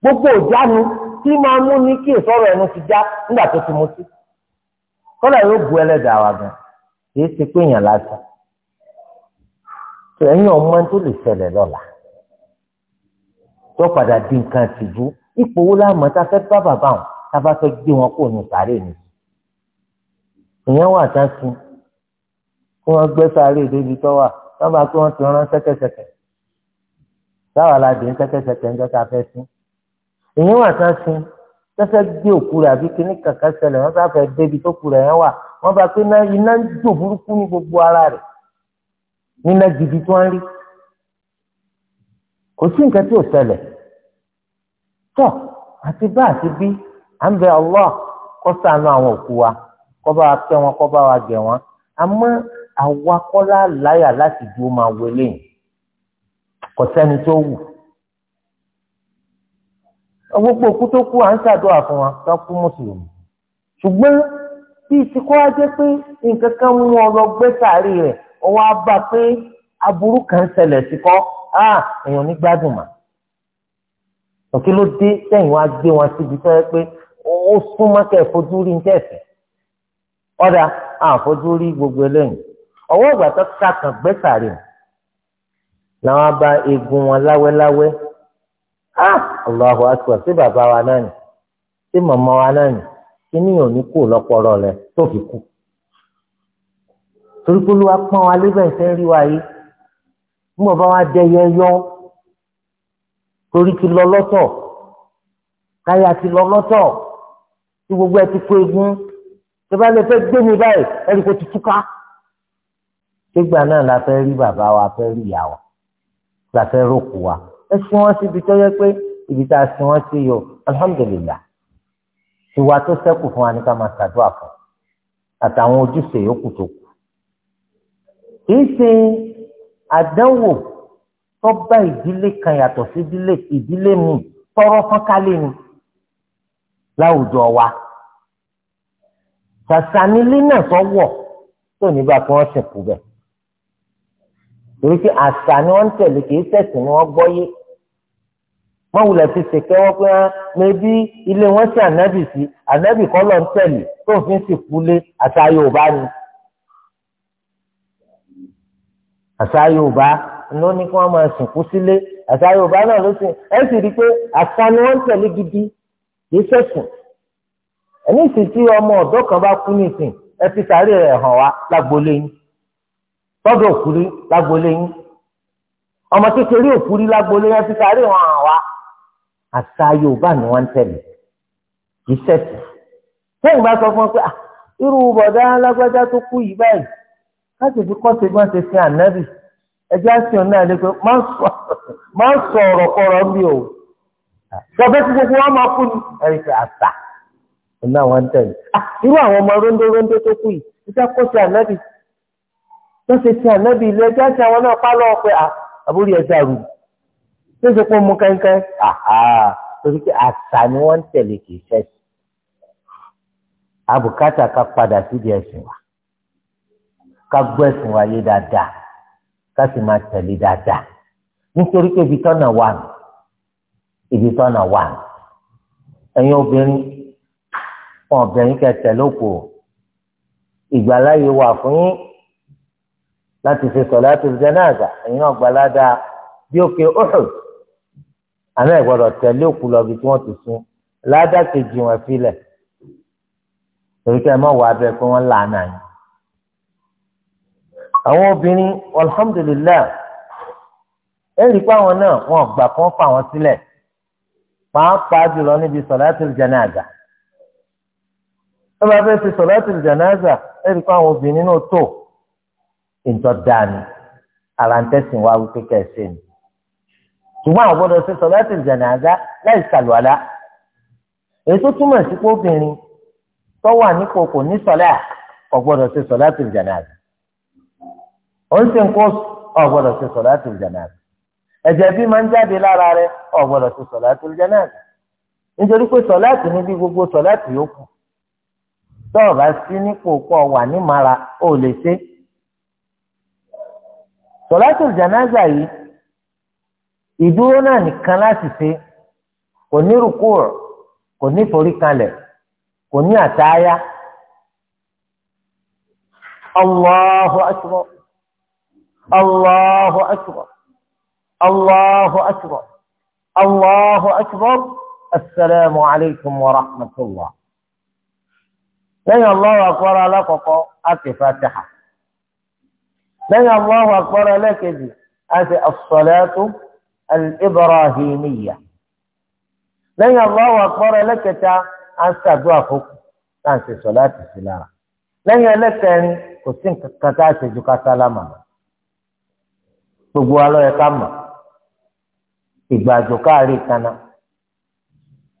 gbogbo ìjánu tí máa mú ní kí sọ̀rọ̀ ẹnu ti já nígbà tó ti kọ́lá yóò bu ẹlẹ́dàá wa gan kìí ṣe pé èèyàn lásán tó ẹ̀yin lè ṣẹlẹ̀ lọ́la tó padà di nǹkan tìjú ipò wo fẹ́ tábà fẹ́ gbé wọn kúrò ní sàárè ni èèyàn wà tá sí kí wọ́n gbé sàárè débi tó wà sábà pé wọ́n ti rán sẹ́kẹ̀sẹ̀kẹ̀ sáwà la dé sẹ́kẹ̀sẹ̀kẹ̀ ń jẹ́ ká fẹ́ sí èèyàn wà tá sí tẹ́sẹ̀ gbé òkú rẹ̀ àbí kíní kankan ṣẹlẹ̀ wọ́n sáfẹ́ débi tó kù rẹ̀ yẹn wà wọ́n bá pé iná ń jò burúkú ní gbogbo ara rẹ̀ níná gidi tó ń rí kò sí nǹkan tí ò ṣẹlẹ̀ tọ́ àti bá àti bí à ń bẹ Allah kó ṣàánú àwọn òkú wa kó bá wa kẹ́ wọn kó bá wa gẹ̀ wọ́n àmọ́ àwa kọ́lá láyà láti dúró máa wọlé yìí kò sẹ́ni tó wù gbogbo òkú tó kú à ń ṣàdúrà fún wa tó kú mùsùlùmí ṣùgbọ́n bí ìsìnkú wa jẹ́ pé nǹkan kan mú wọn gbé sàárì rẹ̀ ọwọ́ á pé aburú kan ṣẹlẹ̀ sí kọ́ á èèyàn ní gbádùn mà òkè ló dé sẹ́yìn wá gbé wọn síbi tó yẹ pé ó súnmọ́ kẹ́ ẹ̀ fojú rí ní ẹ̀sìn ọ̀dà àfojú rí gbogbo eléyìí ọwọ́ ìgbà tó kàkàn gbẹ́sàrè làwọn bá eegun wọn láwẹ́láwẹ́ á Allahu akbar sí bàbá wa náà nì sí màmá wa náà nì kí ni òní kù lọ́pọ̀rọ̀ rẹ tó fi kú torí pé olúwa pọ́n wa lébẹ̀ ṣe ń rí wa yìí nígbà bá wa dẹyẹ yọ torí ti lọ lọ́tọ̀ káyà ti lọ lọ́tọ̀ tí gbogbo ẹ ti kó egun tẹ́fà lè fẹ́ gbé mi báyìí ẹ̀rí kò ti túká. Gbégbà náà la fẹ́ rí bàbá wa fẹ́ rí ìyá wa la fẹ́ rókù wa ẹ sin wọn síbi tó yẹ pé ibi tá a sin wọn sí yọ alhamdulilah tiwa tó sẹ́kù fún wa ní ká máa ṣàdúrà fún àtàwọn ojúṣe yòókù tó kù. kì í ṣe àdánwò tó bá ìdílé kan yàtọ̀ sí ìdílé mi tọrọ fọ́nkálẹ̀ ni láwùjọ wa sàṣànílé náà sọ wọ̀ tó ní bá kí wọ́n sìnkú bẹ̀ torí pé àṣà ni wọ́n ń tẹ̀lé kì í ṣẹ̀sìn ni wọ́n gbọ́ yé wọ́n wulẹ̀ ti ṣèkẹ́ wọ́n pé ah, mẹ́bí ilé wọn sí ànábì sí ànábì kọ́ lọ́n tẹ̀lé tó fi ń sìnkú lé àṣà Yorùbá ni. àṣà yorùbá ló ní kí wọn máa sìnkú sílé àṣà yorùbá náà ló sìn ẹ sì rí i pé àṣà ni wọn ń gidi kì í sẹ̀sìn ẹ̀mí sì tí ọmọ ọ̀dọ́ kan bá kú nìsín ẹ fi sàárè rẹ̀ hàn wá lágboolé yín yín ọmọ kékeré òkúrí lágboolé yín ẹ fi sàárè hàn wá àṣà Yorùbá ni wọ́n ń tẹ̀lé kì bá sọ fún ọ pé irú bọ̀dá alágbájá tó kú yìí báyìí láti fi o ẹ̀rí pé àṣà ọ̀nà àwọn ń tẹ̀lé. Ah, irú àwọn ọmọ róńdó róńdó tó kù yìí iṣẹ́ kó ti ànábì tó ṣe ti ànábì ilé ẹjọ́ ti àwọn náà pálọ̀ pé ah, àbúrò ẹ̀ dàrú tó ṣe pé mú kẹ́ńkẹ́ torí pé àṣà ni wọ́n ń tẹ̀lé kì í ṣẹ́sì abùkátà ká padà síbi ẹ̀sìn wa ká gbọ́ ẹ̀sìn wa yé dáadáa ká sì máa tẹ̀lé dáadáa nítorí pé ibi tọ́nà wà ní ibi tọ́nà wà ní ẹ̀yin obìnrin wọn ọbẹ̀yìn kẹtẹ lóko ìgbàláyé wà fún yín láti ṣe sọ̀láàtù jánásà ẹ̀yin náà gbalada bí òkè Uhud àná ìgbọ́dọ̀ tẹ̀lé òkú lọ bí tí wọ́n ti sún ládàkejì wọn sílẹ̀ torí kẹ́ ẹ má wà abẹ́ pé wọ́n làánà yín. àwọn obìnrin alhamdulilayi ẹ̀rí pa àwọn náà wọn gbà kán fà wọn sílẹ̀. Si pàápàá jùlọ níbi sọ̀láàtì jẹnáàzà tó bá fẹ́ fi sọ̀láàtì jẹnáàzà ẹ̀rí kó àwọn obìnrin náà tó ìjọ dànù ara ń tẹ̀sìn wá wípé kẹ̀sìn ni ṣùgbọ́n àwọn gbọ́dọ̀ ṣe sọ̀láàtì jẹnáàzà láì sàlùwàlá èyí tó túmọ̀ sí pé obìnrin tó wà nípò kò ní sọ̀lá kò gbọ́dọ̀ ṣe sọ̀láàtì ó ń ṣe nǹkan ò gbọ́dọ̀ ṣe sọ̀láàtì ẹ̀jẹ̀ bí máa ń jáde lára rẹ ò gbọ́dọ̀ ṣe nítorí pé gbogbo sọ̀láàtì yòókù tó o bá sí nípò pọ̀ wà ní mara ó lè ṣe sọ̀láàtì jánásà yìí ìdúró náà nìkan láti ṣe kò ní rúkú kò ní forí kalẹ̀ kò ní àtáyá الله أكبر الله أكبر السلام عليكم ورحمة الله لين الله أكبر لك أتي فاتحة لين الله أكبر لك دي أتي الصلاة الإبراهيمية لين الله أكبر لك تا أستدعى أنت صلاة السلام لين لك أن كسين كتاتي جكا سلاما gbogbo alọ ìgbà àjò káàrí kaná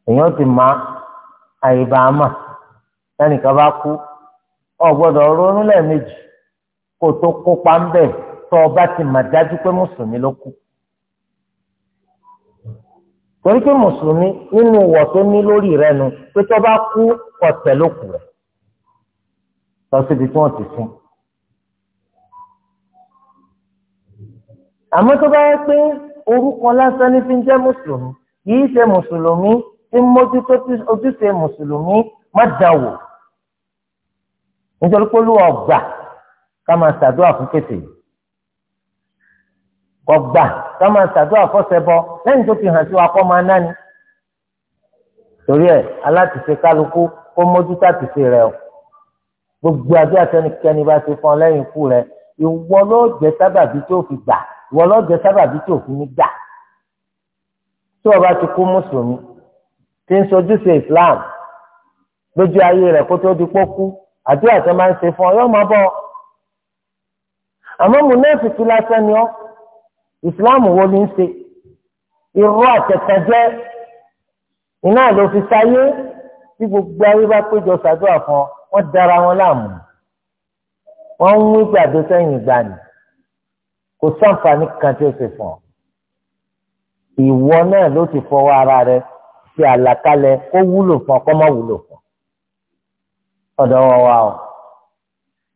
èèyàn ti má àyèbá àmà tẹnìkan bá kú ọ ronú lẹ́ẹ̀mejì kó tó kópa ń bẹ tó o bá ti mà dájú pé mùsùlùmí ló kú torí pé mùsùlùmí nínú wọ tó ní lórí rẹ̀ nu pé tó bá kú ọ̀tẹ̀ ló kù rẹ̀ lọ síbi tí wọ́n ti sìn. àmọ́ tó bá yẹ pé orúkọ lásán ní fi ń jẹ́ mùsùlùmí yìí ṣe mùsùlùmí tí ń mójútó ojúṣe mùsùlùmí má dàn wò nítorí pé olúwa ọgbà ká máa ṣàdúrà fún kété ọgbà ká máa ṣàdúrà fọ́sẹ̀bọ lẹ́yìn tó fi hàn sí wa kọ́ máa náni torí ẹ̀ aláṣìṣe kálukú kó mójútó àtìṣe rẹ o gbogbo àbí àtẹnikẹ́ni bá ti fún lẹ́yìn ikú rẹ ìwọ ló jẹ́ sábàbí tó fi gbà wọ́n lọ́jọ́ sábàbí tí òfin ní gbà tí ọba ti kú mùsùlùmí ti ń sojú sí Islam lójú ayé rẹ̀ kó tó di pọ́kú àti àti máa ń ṣe fún ọ yóò máa bọ̀ àmọ́ mùnáfìkì lásán ni ọ́ Islam wo ni ń ṣe irọ́ àtẹ̀tẹ̀jẹ́ iná ló fi sáyé tí gbogbo ayé bá péjọ ṣàdúrà fún ọ wọ́n dára wọn láàmú wọ́n ń wí gbàdó sẹ́yìn ìgbà kò sàǹfààní kan tí ó ṣe fún ọ ìwọ náà ló ti fọwọ́ ara rẹ ṣe àlàkalẹ̀ kó wúlò fún ọ kó má wúlò fún ọ̀dọ̀ wọn wá o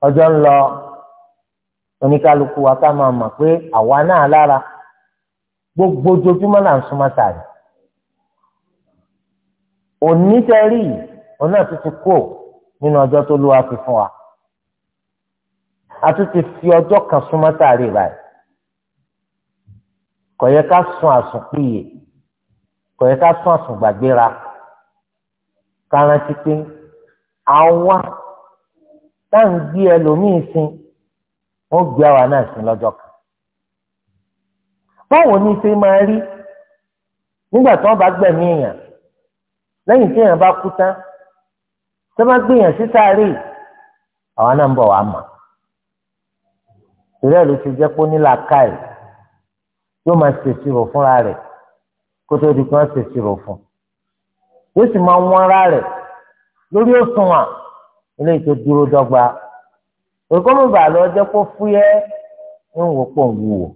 ọjọ́ ń lọ oníkálukú wa ká máa mọ̀ pé àwa náà lára gbogbo ojoojúmọ́ là ń súnmọ́ sàrẹ̀ onítẹ̀rí òun náà tún ti kú nínú ọjọ́ tó lúwa fi fún wa a tún ti fi ọjọ́ kan súnmọ́ sàrẹ̀ báyìí kò yẹ ká sùn àsùnpìyè kò yẹ ká sùn àsùngbàgbéra ká rántí pé àwa tá à ń gbé ẹlòmíín sin wọ́n gbé àwa náà sin lọ́jọ́ kan báwo ni ṣe máa rí nígbà tí wọ́n bá gbẹ̀mí èèyàn lẹ́yìn tí èèyàn bá kú tán tó bá gbìyàn sí sáré àwa náà ń bọ̀ wá mọ̀ ìrẹ́ ti jẹ́ pé ó ní làákàyè yóò máa ṣèṣirò fúnra rẹ̀ kó tó di kan ṣèṣirò fún yóò sì máa wọ́n ara rẹ̀ lórí òṣùwọ̀n eléyìí tó dúró dọ́gba èkó mi bà lọ jẹ́ kó fúyẹ́ ń wò pọ̀ ń wù ó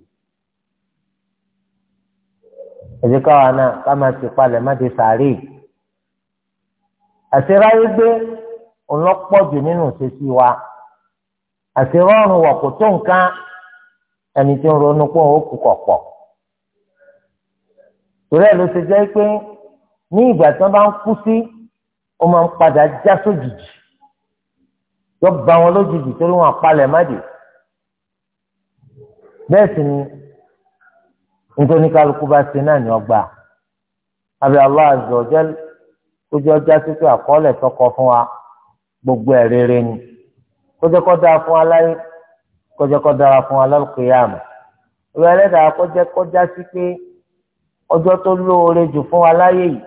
ẹ̀jẹ̀ káwa náà ká máa ti palẹ̀ má ti sàárè àṣeráyé gbé ọlọ́pọ̀jù nínú ìṣesí wa àṣerọ́rùn wọ̀ kò tó nǹkan ẹni tí ń ronú pé òun ó kú kọ̀pọ̀ ìrẹ́ ló ṣe jẹ́ pé ní ìgbà tí wọ́n bá ń kú sí ó máa ń padà já sójijì yọ bá wọn lójijì torí wọn àpalẹ̀ má dé bẹ́ẹ̀ sì ni nítorí kálukú bá ṣe náà ní ọgbà àbí Allah azza wa jal ojú ọjà títí àkọọ́lẹ̀ tọkọ fún wa gbogbo ẹ̀ rere ni kọjá kọ́ dára fún wa láyé kọjá kọ́ dára fún wa lálùkìyámà ìwé ẹlẹ́dàá kọjá sí pé ọjọ́ tó lóore jù fún wa láyé yìí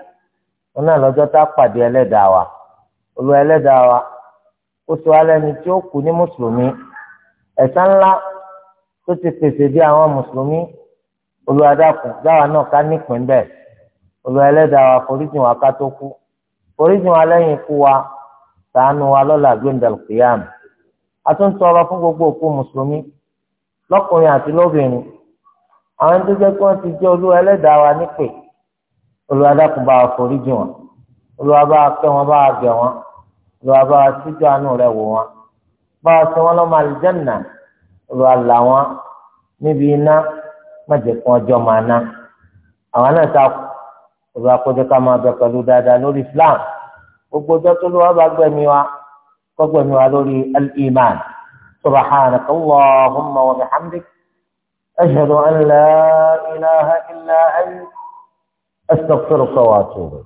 wọn náà lọ́jọ́ tá a pàdé ẹlẹ́dàá wa olúwa ẹlẹ́dàá wa ó sọ alẹ́ni tí ó kú ní mùsùlùmí ẹ̀san ńlá tó ti pèsè bí àwọn mùsùlùmí olúwa dákun dáwà náà ká nípìn bẹ́ẹ̀ olúwa ẹlẹ́dàá wa foríjìn wa ká tó kú foríjìn wa lẹ́yìn ikú wa ṣàánú wa lọ́la gbẹ̀ndàlùkìyàmù a tún tọrọ fún gbogbo òkú mùsùlùmí lọ́kùnrin àti lóbìnrin àwọn tó jẹ́ pé wọ́n ti jẹ́ olúwa ẹlẹ́dàá wa nípè olúwa dákun bá wa forí jì wọ́n olúwa bá wa pẹ́ wọn bá wa bẹ̀ wọ́n olúwa bá wa síjú àánú rẹ̀ wò wọ́n bá wa sọ wọn lọ́mọ àlìjẹ́nà olúwa là wọ́n níbi iná má jẹ́ kí wọ́n máa ná àwọn náà ta olúwa kó jẹ́ ká máa bẹ pẹ̀lú dáadáa lórí Islam gbogbo ọjọ́ tó lọ́wọ́ bá gbẹ̀mí wa kó wa lórí al-iman subhanaka Allahumma wa bihamdik. أشهد أن لا إله إلا أنت أستغفرك وأتوب إليك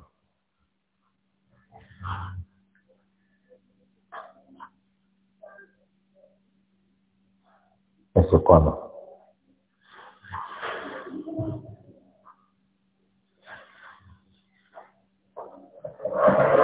Thank you.